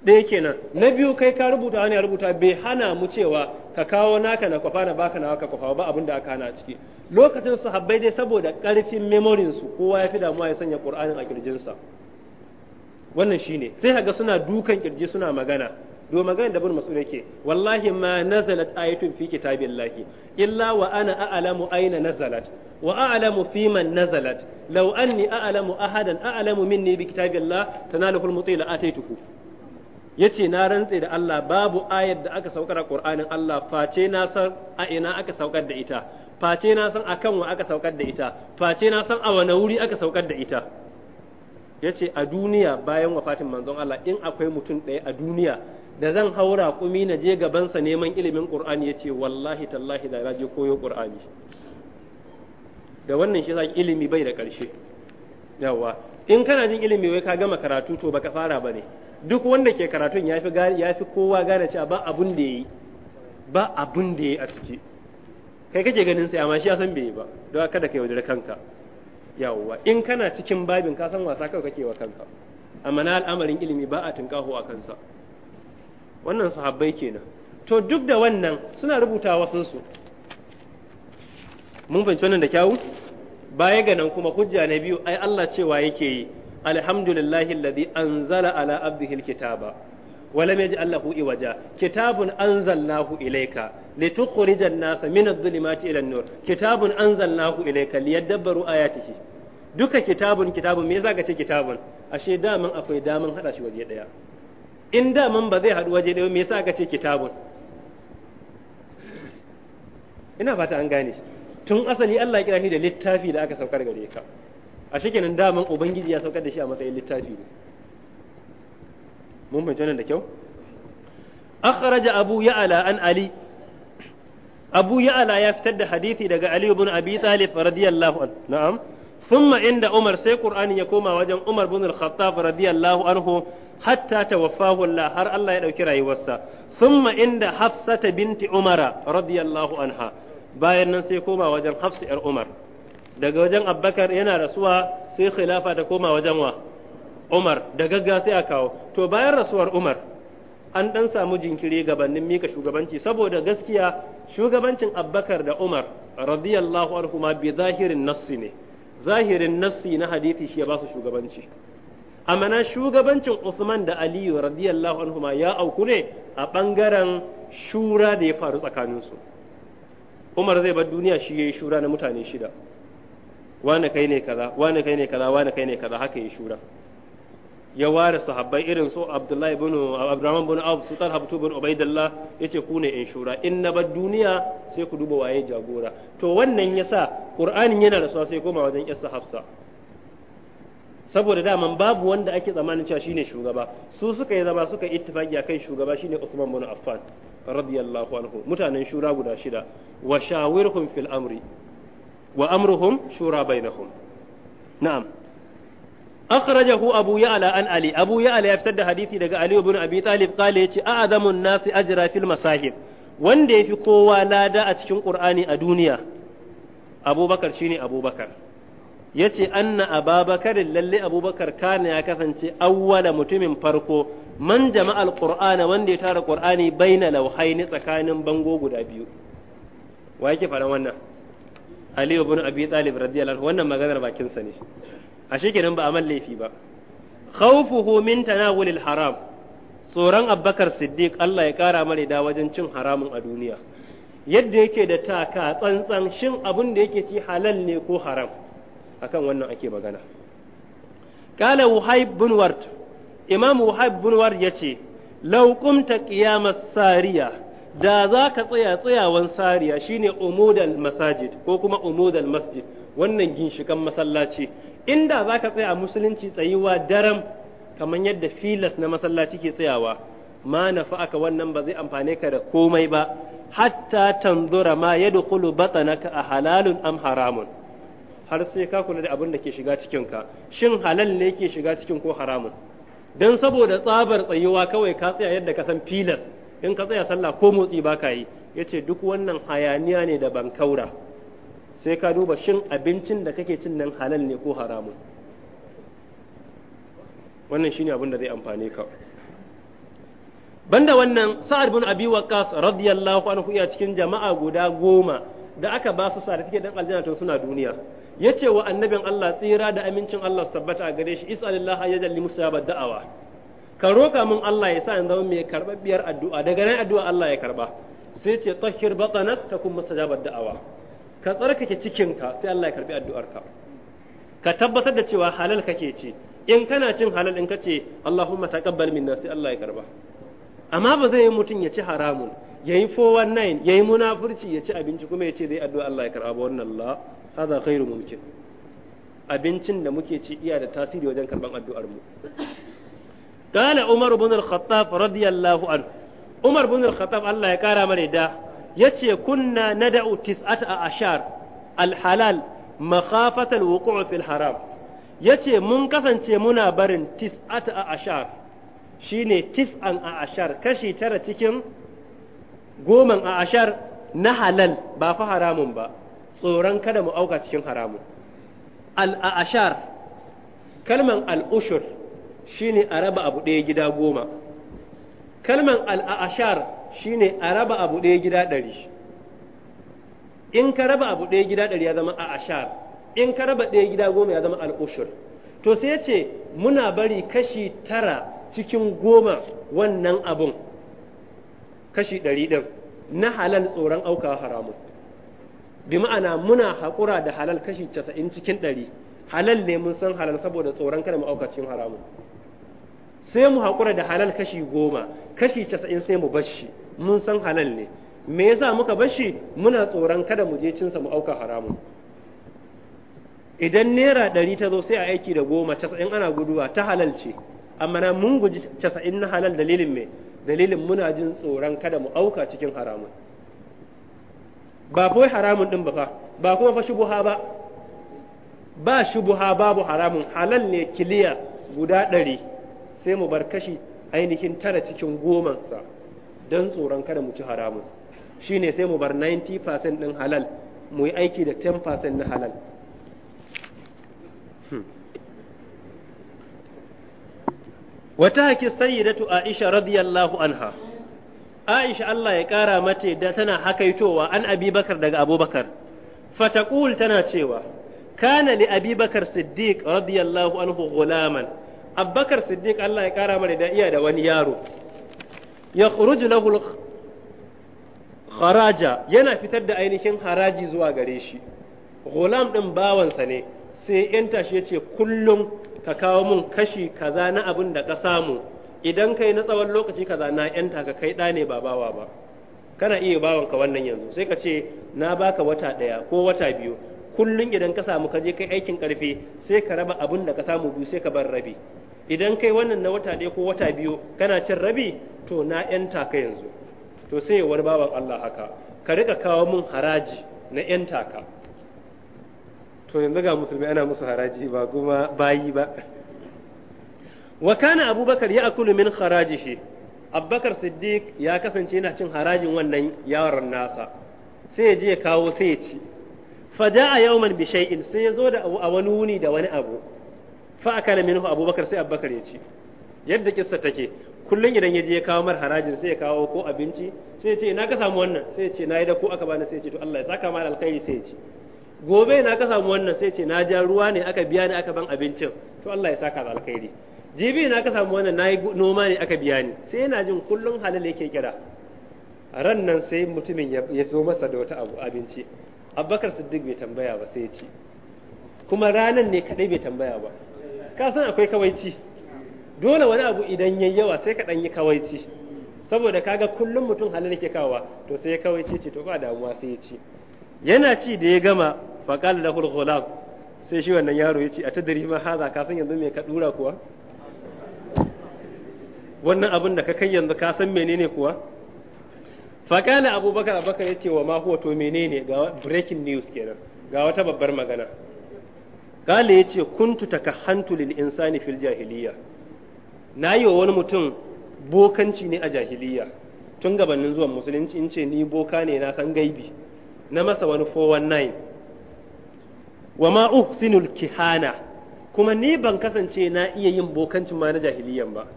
ɗaya kenan na biyu kai ka rubuta wani ya rubuta bai hana mu cewa ka kawo naka na kwafa na baka na ka kwafa ba abin da aka hana ciki lokacin sahabbai dai saboda ƙarfin memorin su kowa ya fi damuwa ya sanya qur'anin a kirjinsa wannan shine sai kaga suna dukan kirji suna magana do magana da bin mas'ud yake wallahi ma nazalat ayatun fi kitabillahi illa wa ana a'lamu aina nazalat wa a'lamu fi man nazalat law anni a'lamu ahadan a'lamu minni bi kitabillah tanalahu al-mutila ataituhu yace na rantse da Allah babu ayar da aka saukar a Qur'anin Allah face na san a ina aka saukar da ita face na san akan wa aka saukar da ita face na san a wani wuri aka saukar da ita ya ce a duniya bayan wafatin manzon Allah in akwai mutum ɗaya a duniya da zan haura kumi na je gabansa neman ilimin ƙur'ani ya ce wallahi tallahi da je koyo ƙur'ani da wannan shi zan ilimi bai da ƙarshe yawa in kana jin ilimi wai ka gama karatu to baka fara ne duk wanda ke karatun ya fi kowa gane cewa ba abun da yayi ba abun da yayi a ciki kai kake ganin sai amma shi ya san bai yi ba don kada ka yaudare kanka yawwa in kana cikin babin ka san wasa kawai kake wa kanka amma na al'amarin ilimi ba a tunkaho a kansa wannan sahabbai kenan to duk da wannan suna rubuta wasu su mun fahimci wannan da kyawu baya ga nan kuma hujja na biyu ai Allah cewa yake yi alhamdulillahi alladhi anzala ala abdihi alkitaba wa lam yaj'al lahu iwaja kitabun anzalnahu ilayka litukhrijan nasa min adh-dhulumati ila an-nur kitabun anzalnahu ilayka liyadabbaru ayatihi duka kitabun kitabun me yasa ka ce kitabun ashe daman akwai daman hada shi waje daya in daman ba zai hadu waje daya me yasa ka ce kitabun ina fata an gane tun asali Allah ya kira shi da littafi da aka saukar gare ka ashe kenan daman ubangiji ya saukar da shi a matsayin littafi ne mun fahimci wannan da kyau akhraja abu ya'ala an ali abu ya'ala ya fitar da hadisi daga ali ibn abi talib radiyallahu anhu na'am thumma inda umar sai qur'ani ya koma wajen umar ibn al-khattab radiyallahu anhu hatta tawaffahu Allah har Allah ya dauki rayuwarsa thumma inda hafsata binti umara radiyallahu anha bayan nan sai koma wajen hafsa yar umar daga wajen abbakar yana rasuwa sai khilafa ta koma wajen wa umar da gagga sai a kawo to bayan rasuwar umar an dan samu jinkiri gabanin mika shugabanci saboda gaskiya shugabancin Abubakar da umar radiyallahu anhu ma bi zahirin nassi ne zahirin nassi na hadithi shi ya ba su shugabanci amma na shugabancin Usman da Aliyu radiyallahu anhu ma ya auku ne a bangaren shura da ya faru tsakaninsu Umar zai bar duniya shi yayi shura na mutane shida wane kai ne kaza wane kai ne kaza wane kai ne kaza haka yayi shura ya ware sahabbai irin su Abdullahi ibn Abdurrahman ibn Auf su Talha ibn Ubaidillah yace ku ne inshura in na bar duniya sai ku duba waye jagora to wannan yasa Qur'anin yana da sai koma wajen Yassa Hafsa saboda dama babu wanda ake tsammanin cewa shine shugaba su suka yi zama suka ittifaki akan shugaba shine Uthman ibn Affan radiyallahu anhu mutanen shura guda shida wa shawirhum fil amri wa amruhum shura bainahum na'am akhrajahu abu ya'la an ali abu ya'la ya fitar da hadisi daga ali ibn abi talib qala yace a'zamun nasu ajra fil masahib wanda yafi kowa lada a cikin qur'ani a duniya abubakar shine abubakar yace anna ababakar lalle abubakar kana ya kasance awwala mutumin farko man jama'al qur'ana wanda ya tara qur'ani baina lauhaini tsakanin bango guda biyu wa yake faɗan wannan ali ibn abi talib radiyallahu wannan maganar bakinsa ne ashe kenan ba a man laifi ba khawfuhu min tanawulil haram tsoron abbakar siddiq Allah ya kara mare da wajen cin haramun a duniya yadda yake da taka tsantsan shin abun da yake ci halal ne ko haram akan wannan ake magana kala wuhaib bin ward imam wuhaib bin ward yace law qumta sariya da za ka tsaya tsayawan sariya shine umudal masajid ko kuma umudal masjid wannan ginshikan masallaci inda za ka tsaya a musulunci tsayuwa daram kamar yadda filas na masallaci ke tsayawa ma aka wannan ba zai amfane ka da komai ba hatta tanzura ma yadkhulu batanaka a halalun am haramun har sai ka kula da abin da ke shiga cikin ka shin halal ne ke shiga cikin ko haramun dan saboda tsabar tsayuwa kawai ka tsaya yadda ka san filas in ka tsaya sallah ko motsi ba ka yi yace duk wannan hayaniya ne da ban kaura. sai ka duba shin abincin da kake cin nan halal ne ko haramun wannan shine abin da zai amfane ka banda wannan sa'ad bin abi waqas radiyallahu anhu ya cikin jama'a guda goma da aka ba su sarifike dan aljanna to suna duniya yace wa annabin Allah tsira da amincin Allah su tabbata a gare shi isallallahu ya jalli da'awa ka roka mun Allah ya sa in zama mai karbabbiyar addu'a daga nan addu'a Allah ya karba sai ce tahhir batanak takum mustajabat da'awa ka tsarkake cikinka sai Allah ya karbi addu'arka ka tabbatar da cewa halal kake ci in kana cin halal in kace Allahumma taqabbal minna sai Allah ya karba amma ba zai yi mutum ya ci haramun yayi 419 yayi munafurci ya ci abinci kuma ya ce zai addu'a Allah ya karba wannan la hada khairu mumkin abincin da muke ci iya da tasiri wajen karban addu'ar mu قال عمر بن الخطاب رضي الله عنه عمر بن الخطاب الله يكرمه da yace kunna nada'u tis'ata a ashar alhalal makhafatal wuqu'u fil haram yace mun kasance muna barin tis'ata a ashar shine tis'an a ashar kashi tara cikin goman a ashar na halal ba fa haramun ba tsoron kada mu auka cikin haramun ashar kalman al'ushur shine a raba abu ɗaya gida goma kalman al ashar. shine a raba abu ɗaya gida ɗari in ka raba abu ɗaya gida ɗari ya zama a ashar in ka raba ɗaya gida goma ya zama al'ushur to sai ce muna bari kashi tara cikin goma wannan abun kashi ɗari ɗin na halal tsoron auka haramun bi ma'ana muna haƙura da halal kashi casa'in cikin ɗari halal ne mun san halal saboda tsoron kada mu auka cikin haramun sai mu haƙura da halal kashi goma kashi casa'in sai mu bashi mun san halal ne me yasa muka bashi muna tsoron kada mu je cinsa mu auka haramun idan naira ɗari ta zo sai a aiki da goma casa'in ana guduwa ta halal ce amma na mun guji casa'in na halal dalilin me dalilin muna jin tsoron kada mu auka cikin haramun ba kawai haramun ɗin ba fa ba kuma fa shubuha ba ba shubuha babu haramun halal ne kiliya guda ɗari sai mu bar kashi ainihin tara cikin goma sa don tsoron kada mu ci haramun Shi ne sai mu bar 90% ɗin halal mu yi aiki da 10% na halal hmm. wata haƙi sayyidatu Aisha radiyallahu anha Aisha Allah ya ƙara mace da tana hakaitowa an Abibakar daga Abubakar fataƙul tana cewa kana li Abi Siddiq radiyallahu anhu ghulaman abbakar siddiq Allah ya kara mana da iya da wani yaro ya khuruju lahu kharaja yana fitar da ainihin haraji zuwa gare shi gulam ɗin bawansa ne sai yanta shi ce kullum ka kawo mun kashi kaza na abin da ka samu idan kai na tsawon lokaci kaza na yanta ka kai da ne ba bawa ba kana iya bawanka wannan yanzu sai ka ce na baka wata ɗaya ko wata biyu kullum idan ka samu ka je kai aikin karfe sai ka raba abin da ka samu biyu sai ka bar rabi idan kai wannan na wata ɗaya ko wata biyu kana cin rabi to na yanta ka yanzu to sai wani baban Allah haka ka rika kawo mun haraji na yanta ka to yanzu ga musulmi ana musu haraji ba kuma bayi ba wa kana abubakar ya akulu min harajihi abubakar siddiq ya kasance yana cin harajin wannan yaron nasa sai ya je ya kawo sai ya ci a yawman bi shay'in sai ya zo da a wani wuni da wani abu fa ne minhu abubakar sai abubakar ya ci yadda kissa take kullun idan ya je ya kawo mar harajin sai ya kawo ko abinci sai ya ce ina ka samu wannan sai ya ce nayi da ko aka bani sai ya ce to Allah ya saka mal alkhairi sai ya ce gobe na ka samu wannan sai ya ce na ja ruwa ne aka biya ni aka ban abincin to Allah ya saka da alkhairi jibi na ka samu wannan nayi noma ne aka biya ni sai yana jin kullun halal yake kira ran nan sai mutumin ya zo masa da wata abu abinci Abubakar Siddiq bai tambaya ba sai ya ce kuma ranan ne kadai bai tambaya ba ka san akwai kawaici dole wani abu idan yayi yawa sai ka ɗan yi kawaici saboda kaga kullum mutum halin yake kawa, to sai ya kawaici ce to ba damuwa sai ya ci yana ci da ya gama faqala da al sai shi wannan yaro ya ce a tadari ma haza ka san yanzu me ka dura kuwa wannan abin da ka kai yanzu ka san menene kuwa faqala abubakar abubakar ya ce wa ma huwa to menene ga breaking news kenan ga wata babbar magana kale yace kuntu takahantu lil insani fil jahiliya yi wa wani mutum bokanci ne a jahiliya tun gabanin zuwan musulunci in ce ni boka ne na san gaibi na masa wani 419 wa ma Sinul kihana kuma ni ban kasance na iya yin bokancin ma na jahiliyan ba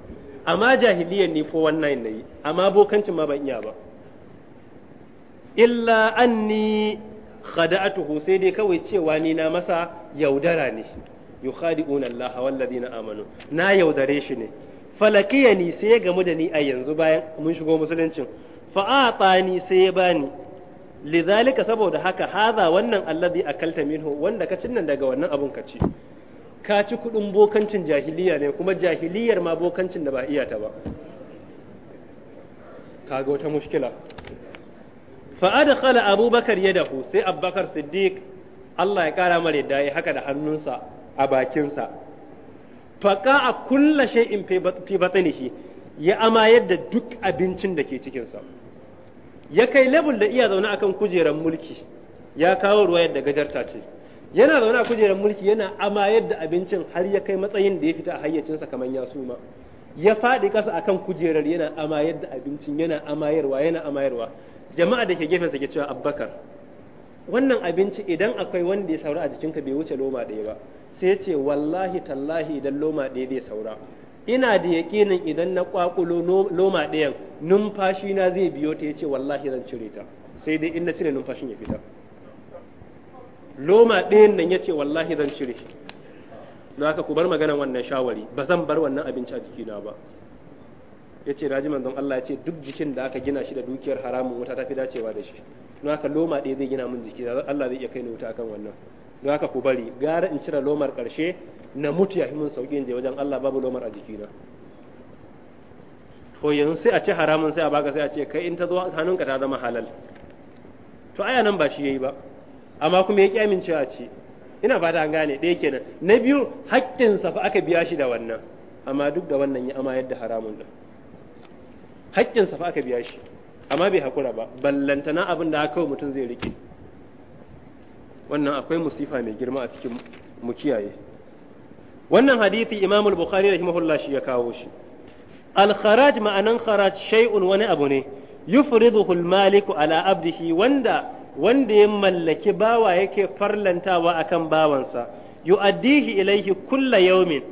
amma jahiliyan ni 419 nayi amma bokancin ma ban iya ba illa ni. khada'atuhu sai dai kawai cewa ni na masa yaudara ne yukhadi'una Allah wal ladina amanu na yaudare shi ne falakiyani sai ya gamu da ni a yanzu bayan mun shigo musuluncin atani sai ya bani lidhalika saboda haka hadha wannan alladhi akalta minhu wanda ka cin nan daga wannan abun ka ci ka ci kudin bokancin jahiliya ne kuma jahiliyar ma bokancin da ba iya ta ba kaga wata mushkila fa adkhala abubakar yadahu sai abubakar siddiq Allah ya kara mare da haka da hannunsa a bakinsa faqa a kulla shay'in fi batnihi ya amayar da duk abincin da ke cikinsa ya kai level da iya zaune akan kujerar mulki ya kawo ruwa yadda gajarta ce yana zaune a kujerar mulki yana amayar da abincin har ya kai matsayin da ya fita a hayyacinsa kamar ya suma ya faɗi ƙasa akan kujerar yana amayar da abincin yana amayarwa yana amayarwa jama'a da ke gefensa ke cewa abbakar wannan abinci idan akwai wanda ya saura a jikinka bai wuce loma ɗaya ba sai ce wallahi tallahi idan loma ɗaya zai saura ina da yaƙinin idan na kwakulo loma ɗayan numfashi na zai biyo ta yace wallahi zan cire ta sai dai in na cire numfashin ya fita loma ɗayan nan yace wallahi zan cire don haka ku bar maganar wannan shawari ba zan bar wannan abinci a jikina ba ya ce naji manzon Allah ce duk jikin da aka gina shi da dukiyar haramun wuta ta fi dacewa da shi don haka loma ɗaya zai gina min jiki Allah zai iya kai ni wuta akan wannan don haka ku bari gara in cire lomar ƙarshe na mutu ya mun sauki in je wajen Allah babu lomar a jikina to yanzu sai a ce haramun sai a baka sai a ce kai in ta zo hannunka ta zama halal to aya nan ba shi yayi ba amma kuma ya ki amincewa a ce ina fata an gane ɗaya kenan na biyu haƙƙinsa fa aka biya shi da wannan amma duk da wannan ya ama yadda haramun din haƙƙinsa fa aka biya shi amma bai haƙura ba ballantana abin da aka mutum zai rike wannan akwai musifa mai girma a cikin mu kiyaye wannan hadithi imam al-bukhari rahimahullah shi ya kawo shi al-kharaj ma'anan kharaj shay'un wani abu ne yufriduhu al-maliku ala abdihi wanda wanda ya mallaki bawa yake farlantawa akan bawansa yu'addihi ilaihi kulla yawmin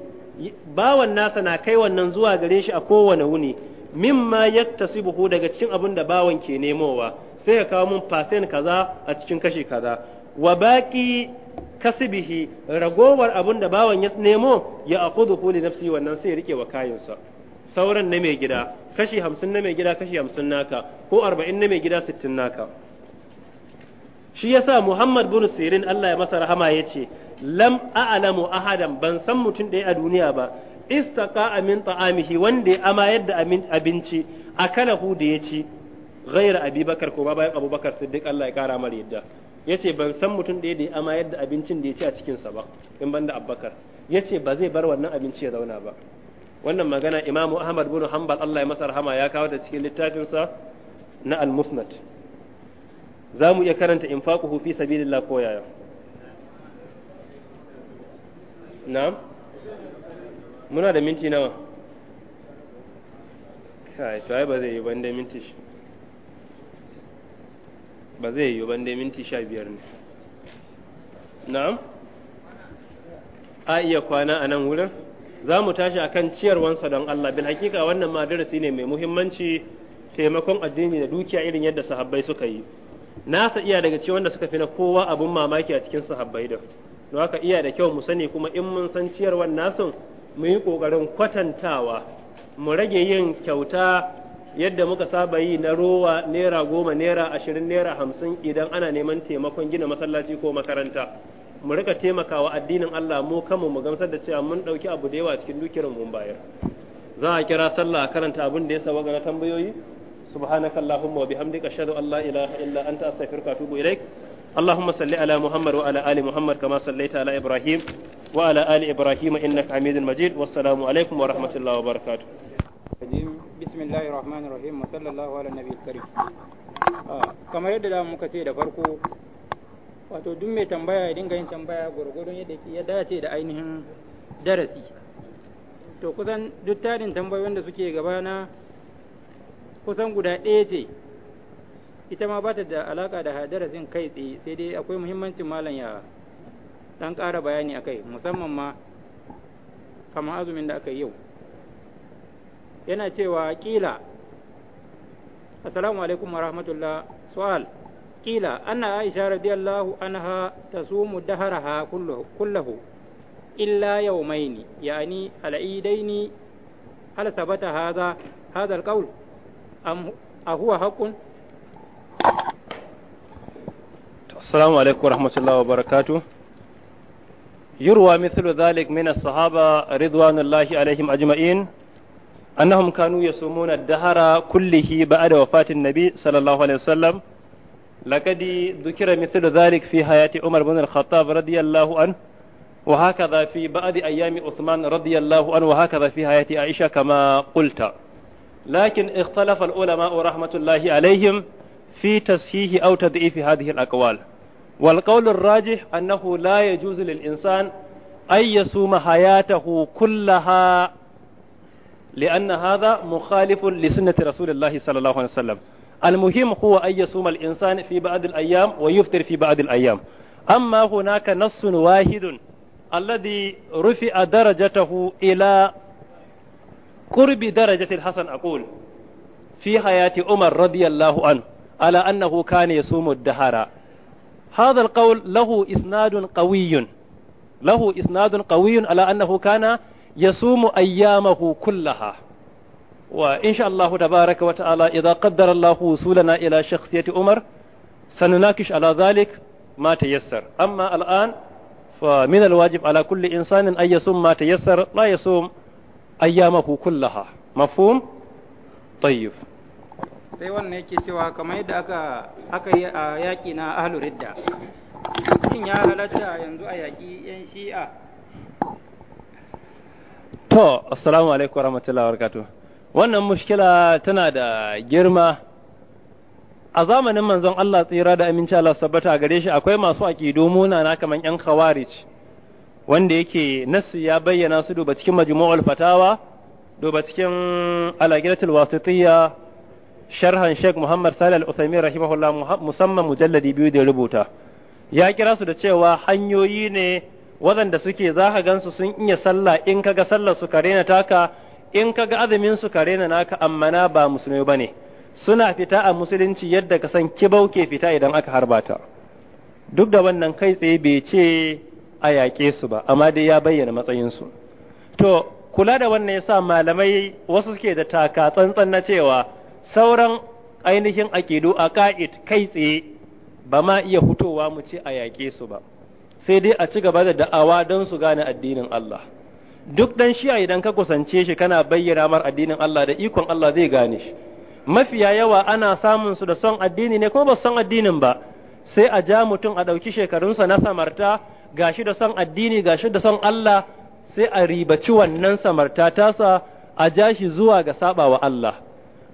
bawan nasa na kai wannan zuwa gare shi a kowane wuni mimma yaktasibuhu daga cikin abin da bawan ke nemowa sai ya kawo mun fasen kaza a cikin kashi kaza wa baki kasibihi ragowar abin da bawan ya nemo ya akudu li nafsi wannan sai ya rike wa kayansa sauran na mai gida kashi hamsin na mai gida kashi hamsin naka ko arba'in na mai gida sittin naka shi yasa Muhammad bin Sirin Allah ya masa rahama ya ce lam a'lamu ahadan ban san mutum ɗaya a duniya ba istaqa amin ta'amihi wanda ya amayar da abinci hu da ya ci gaira abubakar ko bayan abubakar siddiq Allah ya kara mar yadda yace ban san mutum da ya amayar da abincin da ya ci a cikin sa ba in banda abubakar yace ba zai bar wannan abinci ya zauna ba wannan magana imamu ahmad bin hanbal Allah ya masa rahama ya kawo ta cikin littafinsa na al-musnad za mu iya karanta infaquhu fi sabilillah ko yaya na'am muna da minti nawa kai to ai ba zai yi ban da minti shi ba zai yi ban da minti sha biyar ne na'am a iya kwana a nan wurin za mu tashi akan ciyarwansa don Allah bil hakika wannan ma darasi ne mai muhimmanci taimakon addini da dukiya irin yadda sahabbai suka yi nasa iya daga cikin wanda suka fi na kowa abun mamaki a cikin sahabbai da don haka iya da kyau mu sani kuma in mun san ciyarwan nasun mu yi ƙoƙarin kwatantawa mu rage yin kyauta yadda muka saba yi na rowa naira goma naira ashirin naira hamsin idan ana neman taimakon gina masallaci ko makaranta mu rika taimakawa addinin Allah mu kanmu mu gamsar da cewa mun ɗauki abu da yawa cikin dukiyar mun bayar za a kira sallah karanta abin da ya saba ga tambayoyi subhanakallahumma wa bihamdika ashhadu an la ilaha illa anta astaghfiruka wa atubu ilaik اللهم صل على محمد وعلى آل محمد كما صليت على إبراهيم وعلى آل إبراهيم إنك حميد مجيد والسلام عليكم ورحمة الله وبركاته بسم الله الرحمن الرحيم وصلى الله على النبي الكريم kamar yadda da muka da wato duk mai tambaya ya dinga yin tambaya gwargwadon yadda ya dace da ainihin darasi to kusan duk tarin tambayoyin da suke gabana kusan guda ɗaya ce ita ma ba ta da alaka da darasin kai tsaye sai dai akwai muhimmancin malam ya dan ƙara bayani a kai musamman ma kamar azumin da aka yi yau yana cewa ƙila assalamu alaikum wa rahmatullah su'al ƙila anna aisha radiyallahu anha tasumu daharaha kullahu illa yau mai ni yani ni hal sabata haza hadha al a huwa haƙun السلام عليكم ورحمة الله وبركاته يروى مثل ذلك من الصحابة رضوان الله عليهم أجمعين أنهم كانوا يصومون الدهر كله بعد وفاة النبي صلى الله عليه وسلم لقد ذكر مثل ذلك في حياة عمر بن الخطاب رضي الله عنه وهكذا في بعض أيام عثمان رضي الله عنه وهكذا في حياة عائشة كما قلت لكن اختلف العلماء رحمة الله عليهم في تصحيح أو تضعيف هذه الأقوال والقول الراجح أنه لا يجوز للإنسان أن يصوم حياته كلها لأن هذا مخالف لسنة رسول الله صلى الله عليه وسلم المهم هو أن يصوم الإنسان في بعض الأيام ويفطر في بعض الأيام أما هناك نص واحد الذي رفع درجته إلى قرب درجة الحسن أقول في حياة عمر رضي الله عنه على أنه كان يصوم الدهارة هذا القول له إسناد قوي له إسناد قوي على أنه كان يصوم أيامه كلها وإن شاء الله تبارك وتعالى إذا قدر الله وصولنا إلى شخصية عمر سنناقش على ذلك ما تيسر أما الآن فمن الواجب على كل إنسان أن يصوم ما تيسر لا يصوم أيامه كلها مفهوم طيب sai wannan yake cewa kamar yadda aka aka yi a yaƙi na ahlur ridda shin ya halatta yanzu a yaƙi yan shi'a to assalamu alaikum warahmatullahi wabarakatuh wannan mushkila tana da girma a zamanin manzon Allah tsira da aminci Allah sabbata gare shi akwai masu aƙidu munana kamar yan khawarij wanda yake nasu ya bayyana su duba cikin majmu'ul fatawa duba cikin alagilatul wasitiyya sharhan Sheikh Muhammad Salih Al-Uthaymeen rahimahullah musamman mujalladi biyu da rubuta ya kira su da cewa hanyoyi ne waɗanda suke za ka gansu sun iya sallah in kaga sallar su ka rena taka in kaga azumin su ka rena naka amma na ba musulmi bane suna fita a musulunci yadda ka san kibau ke fita idan aka harba ta. duk da wannan kai tsaye bai ce a yaƙe su ba amma dai ya bayyana matsayin su to kula da wannan yasa malamai wasu suke da taka tsantsan na cewa sauran ainihin aƙidu a ka'id kai tsaye ba ma iya hutowa mu ce a yaƙe su ba sai dai a ci gaba da da'awa don su gane addinin Allah duk dan shi'a idan ka kusance shi kana bayyana mar addinin Allah da ikon Allah zai gane shi mafiya yawa ana samun su da son addini ne ko ba son addinin ba sai a ja mutum a ɗauki shekarunsa na samarta gashi da son addini gashi da son Allah sai a ribaci wannan samarta tasa a ja shi zuwa ga sabawa Allah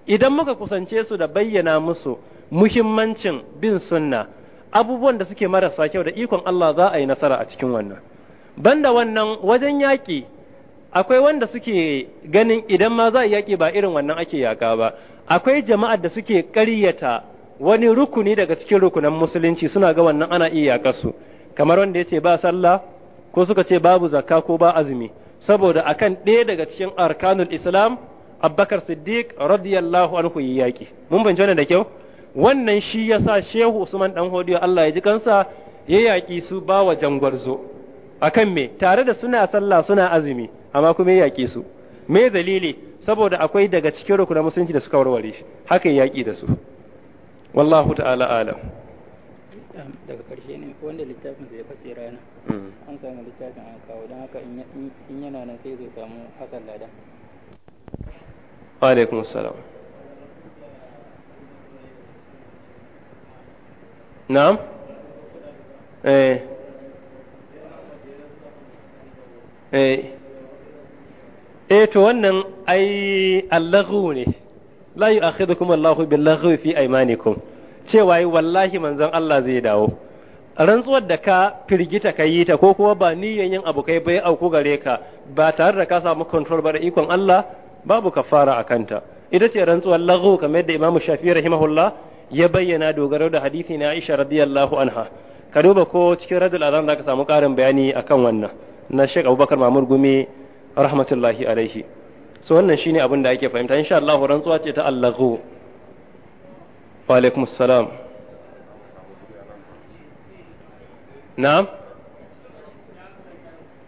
idan muka kusance su da bayyana musu muhimmancin bin sunna abubuwan da suke marasa kyau da ikon Allah za a yi nasara a cikin wannan banda wannan wajen yaƙi akwai wanda suke ganin idan ma za a yaƙi ba irin wannan ake yaƙa ba akwai jama'ar da suke ƙaryata wani rukuni daga cikin rukunan musulunci suna ga wannan ana iya yaƙa su kamar wanda ya ce ba sallah ko suka ce babu zakka ko ba azumi saboda akan ɗaya daga cikin arkanul islam Abubakar Siddiq radiyallahu anhu yi yaƙi mun ban wannan da kyau wannan shi ya sa Shehu Usman ɗan Hodiyo Allah ya ji kansa ya yaƙi su ba wa jangwarzo kan me tare da suna sallah suna azumi amma kuma ya yaƙi su me dalili saboda akwai daga cikin rukunin musulunci da suka warware shi haka ya yaƙi da su wallahu ta'ala alam daga karshe ne wanda littafin zai fashe rana hmm. an samu littafin an kawo don haka in yana nan sai zai samu hasan ladan وعليكم السلام نعم eh eh to wannan ai allahu la yu'akhidhukum Allahu billaghwi fi aymanikum cewa wallahi manzon Allah zai dawo rantsuwar da ka firgita ka yi ta ko kuma ba niyan yin abu kai bai auku gare ka ba tare da ka samu control ba da ikon Allah babu kafara a kanta ita ce rantsuwar lagho kamar yadda imamu shafi rahimahullah ya bayyana dogaro da hadisi na aisha radiyallahu anha ka duba ko cikin radul azan zaka samu karin bayani akan wannan na shek Abubakar Mamur Gumi rahmatullahi alaihi so wannan shine abin da ake fahimta insha Allah rantsuwa ce ta allahu wa alaikum assalam na'am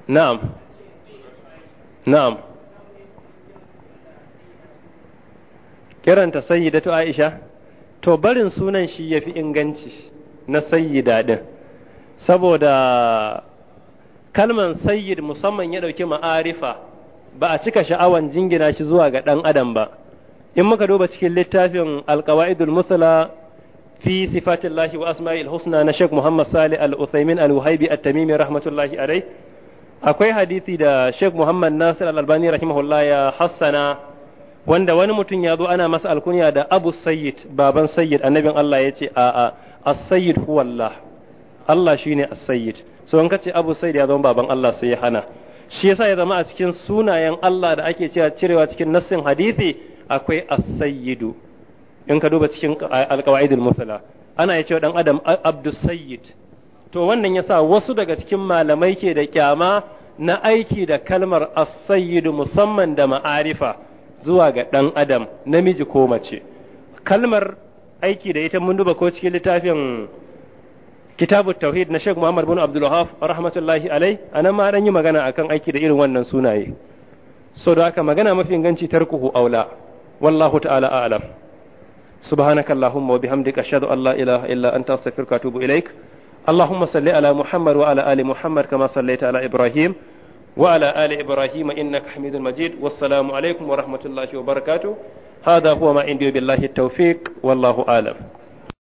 na'am na'am kiranta sayyidatu Aisha to barin sunan shi yafi inganci na sayyida din saboda kalman sayyid musamman ya ɗauki ma'arifa ba a cika sha'awan jingina shi zuwa ga ɗan adam ba in muka duba cikin littafin alkawa'idul musula fi sifatillahi wa asma'il husna na Sheikh Muhammad Salih Al-Uthaymin Al-Wahibi At-Tamimi rahmatullahi alai akwai hadisi da Sheikh Muhammad Nasir Al-Albani rahimahullah ya hassana wanda wani mutum ya zo ana masa alkunya da abu sayyid baban sayyid annabin Allah ya ce a'a as-sayyid huwa Allah Allah shine as-sayyid so in ka abu sayyid ya zama baban Allah sai ya hana shi yasa ya zama a cikin sunayen Allah da ake cewa cirewa cikin nassin hadisi akwai as-sayyidu in ka duba cikin alqawaidul musala ana ya cewa dan adam abdus sayyid to wannan yasa wasu daga cikin malamai ke da kyama na aiki da kalmar as-sayyidu musamman da ma'arifa zuwa ga ɗan adam namiji ko mace kalmar aiki da ita mun duba ko cikin littafin kitabu tauhid na Sheikh Muhammad bin Abdul Wahab rahmatullahi alai anan ma dan yi magana akan aiki da irin wannan sunaye so da haka magana mafi inganci tarkuhu aula wallahu ta'ala a'lam سبحانك اللهم وبحمدك أشهد أن لا إله إلا أنت أستغفرك وأتوب إليك اللهم صل على محمد وعلى آل محمد كما صليت على إبراهيم وعلى آل إبراهيم إنك حميد مجيد والسلام عليكم ورحمة الله وبركاته هذا هو ما عندي بالله التوفيق والله أعلم